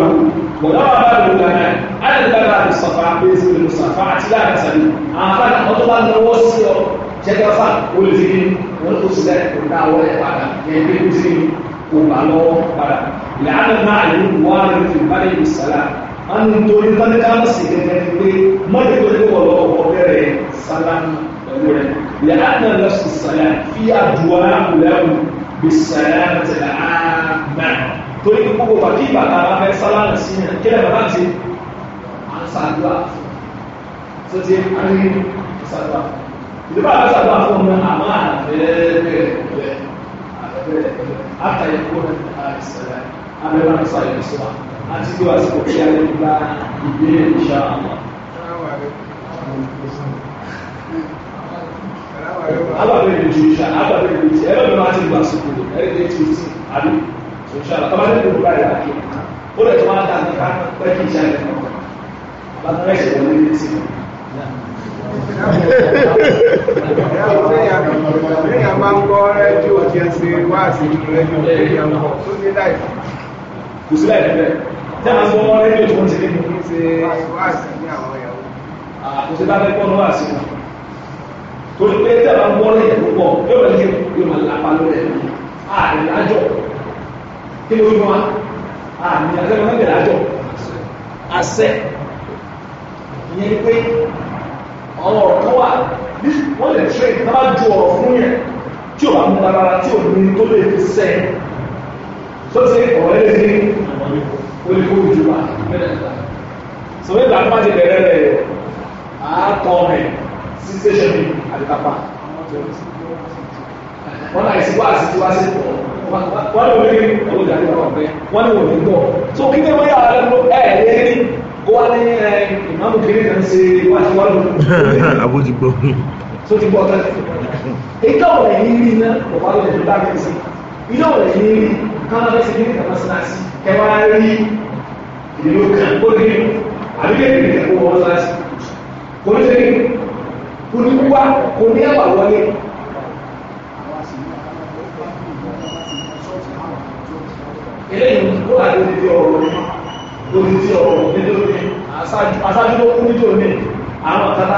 ولا بال العلماء أن البلاء بالصفعة باسم المصافعة لا بأس به أعطانا أطلع النوصي جدفا والزين والقصداء والدعوة بعد يبين الزين وبعلوه بعد لأن المعلم وارد في البلاء بالسلام a ní torí tánítánì sì ní ẹni pé mọ́tò tó ní wọ̀lọ́ ọ̀pọ̀ bẹ̀rẹ̀ sálámù pẹ̀lú rẹ̀ yàrá náà lọ sí sàlá fi àdùá lẹ́wù bí sàlá tẹ̀lá àmà torí gbogbo bàtí bàtà abẹ́ sálámù sí ní kílẹ̀ bàbá ti à ń sàdúrà tó ti à ń rí sàdúrà ìdíbà àbẹ́ sàdúrà fún mi àmà bẹ́ẹ̀ bẹ́ẹ̀ bẹ́ẹ̀ àbẹ́ bẹ́ẹ̀ bẹ́ẹ̀ àtàyẹ̀kọ́ rẹ̀ àìsàn rẹ̀ àbẹ́ bá ń sàyẹ̀ sọ́wọ́. àti tó àsìkò kí a lè gba ìbéèrè máa ń gbọ́ rẹ́díò tí kò sí láì lẹ́bẹ̀ẹ́ tí a sọ wọ́n rédíò tó ń ṣe nínú ní ṣe àkóso lábẹ́ pọ̀ lọ́wọ́ a bá ń wọ́n lẹ́yìn púpọ̀ yóò bẹ̀rẹ̀ ṣe yóò máa lápá lórí ẹ̀ ààrẹ lájọ kí ló ń wá àmì àtẹ́wọ́n náà lájọ àṣẹ ìyẹn ni pé ọ̀rọ̀ kan wà wọ́n lè tẹ́ ìtàbájú ọ̀rọ̀ fún yẹn tí ò bá mú rárá tí ò ní tó lè fi sẹ́yìn tó ṣe ọ̀rẹ́ lè ṣe olùkó ìjùmọ̀ So ìgbà tó má ti bẹ̀rẹ̀ rẹ̀ àátọ̀ rẹ̀ sí station ní àdìkápá wọn náà ìsìnkú àti wá sí pọ̀ wọn ló ní olùdarí wọn bẹ wọn ní òní gbọ́ tó kí ni wọ́n yà á lọ ẹ̀ lẹ́yìn ó wá ní ìmáàmù kiri kan ṣe wáṣíwájú àbójúgbọ́ So ti gbọ́ tẹ́lẹ̀ ìjọ́ rẹ̀ yìí rí iná ọ̀pá lọ́dún dákẹ́sì ìjọ́ káwọn bẹ́ẹ̀ ṣe ní ìtàkùn síláàsì kẹwàá rí ìlú kan ó ní àbíkẹ́ ìrìn ìtàkùn wọn síláàsì kò ní ṣe kò ní wá kò ní ẹwà wọlé. eléyìí ló wà lórí ti ọ̀rọ̀ mi lórí ti ọ̀rọ̀ mi lórí aṣáájú ló kú nítorí àwọn àtàlà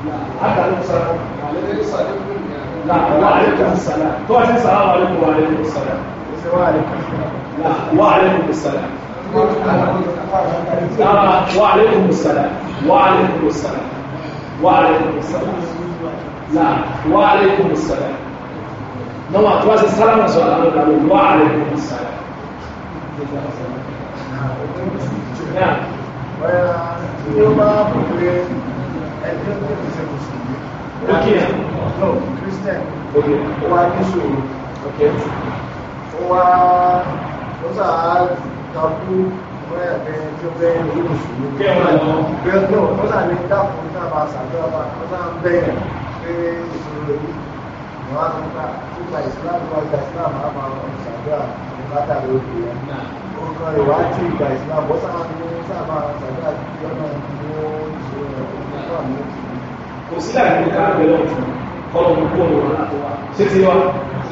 haka alaikum salam na wa alaikum salam to a ce salamu alaikum wa alaikum salam wa alaikum salam wa alaikum salam wa alaikum salam wa alaikum salam na wa alaikum salam não a tua salamu salamu alaikum wa alaikum salam Nah, ẹgbẹ́ tó ti ṣe mùsùlùmí. ok no christian. ok ó wá ní ṣòro. ok ó wá ó sà á takú wọ́n ẹ̀gbẹ́ tí ó bẹ́ẹ̀ ní mùsùlùmí. kẹ́ ẹ̀ lọ. bẹ́ẹ̀ náà ó sà ní dákun náà bá ṣàdúrà bá ó sà ń bẹ́ẹ̀ pé ìṣòro yìí wọ́n á tún ká nípa ìsìlámù wá gba ìsìlámù á máa ń ṣàdúrà nígbàtà lórí ẹ̀. orúkọ ìwádìí ìgbà ìsìlámù ó sà ń sábà ṣàdúrà yọ̀nà ìwọ̀n kò sílẹ̀ ìlú káàbẹ̀ lọ kọ́lọ̀ mú kó lọ́wọ́ láti wá ṣé ti wá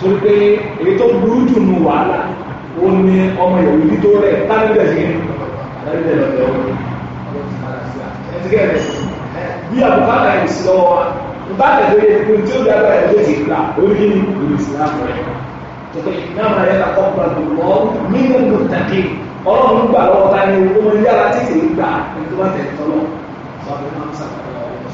torí pé èyí tó burú jù nù wàhálà ó ní ọmọ ìwé ní tó rẹ̀ tánilẹ̀ sí tánilẹ̀ lọ́dẹ̀ ọ̀rọ̀ ẹ̀ ti gẹ̀ẹ́dẹ̀ bí àbùkátà yìí sí lọ́wọ́ wa ìbátẹ̀dẹ̀ yẹ kó tí ó dára ẹ̀ ló ti gbà orí ìlú ìsìlámù rẹ̀ tòkè ọlọ́run gbà lọ́wọ́ ta ni owó yára títì gbà ẹ̀ tó bá tẹ̀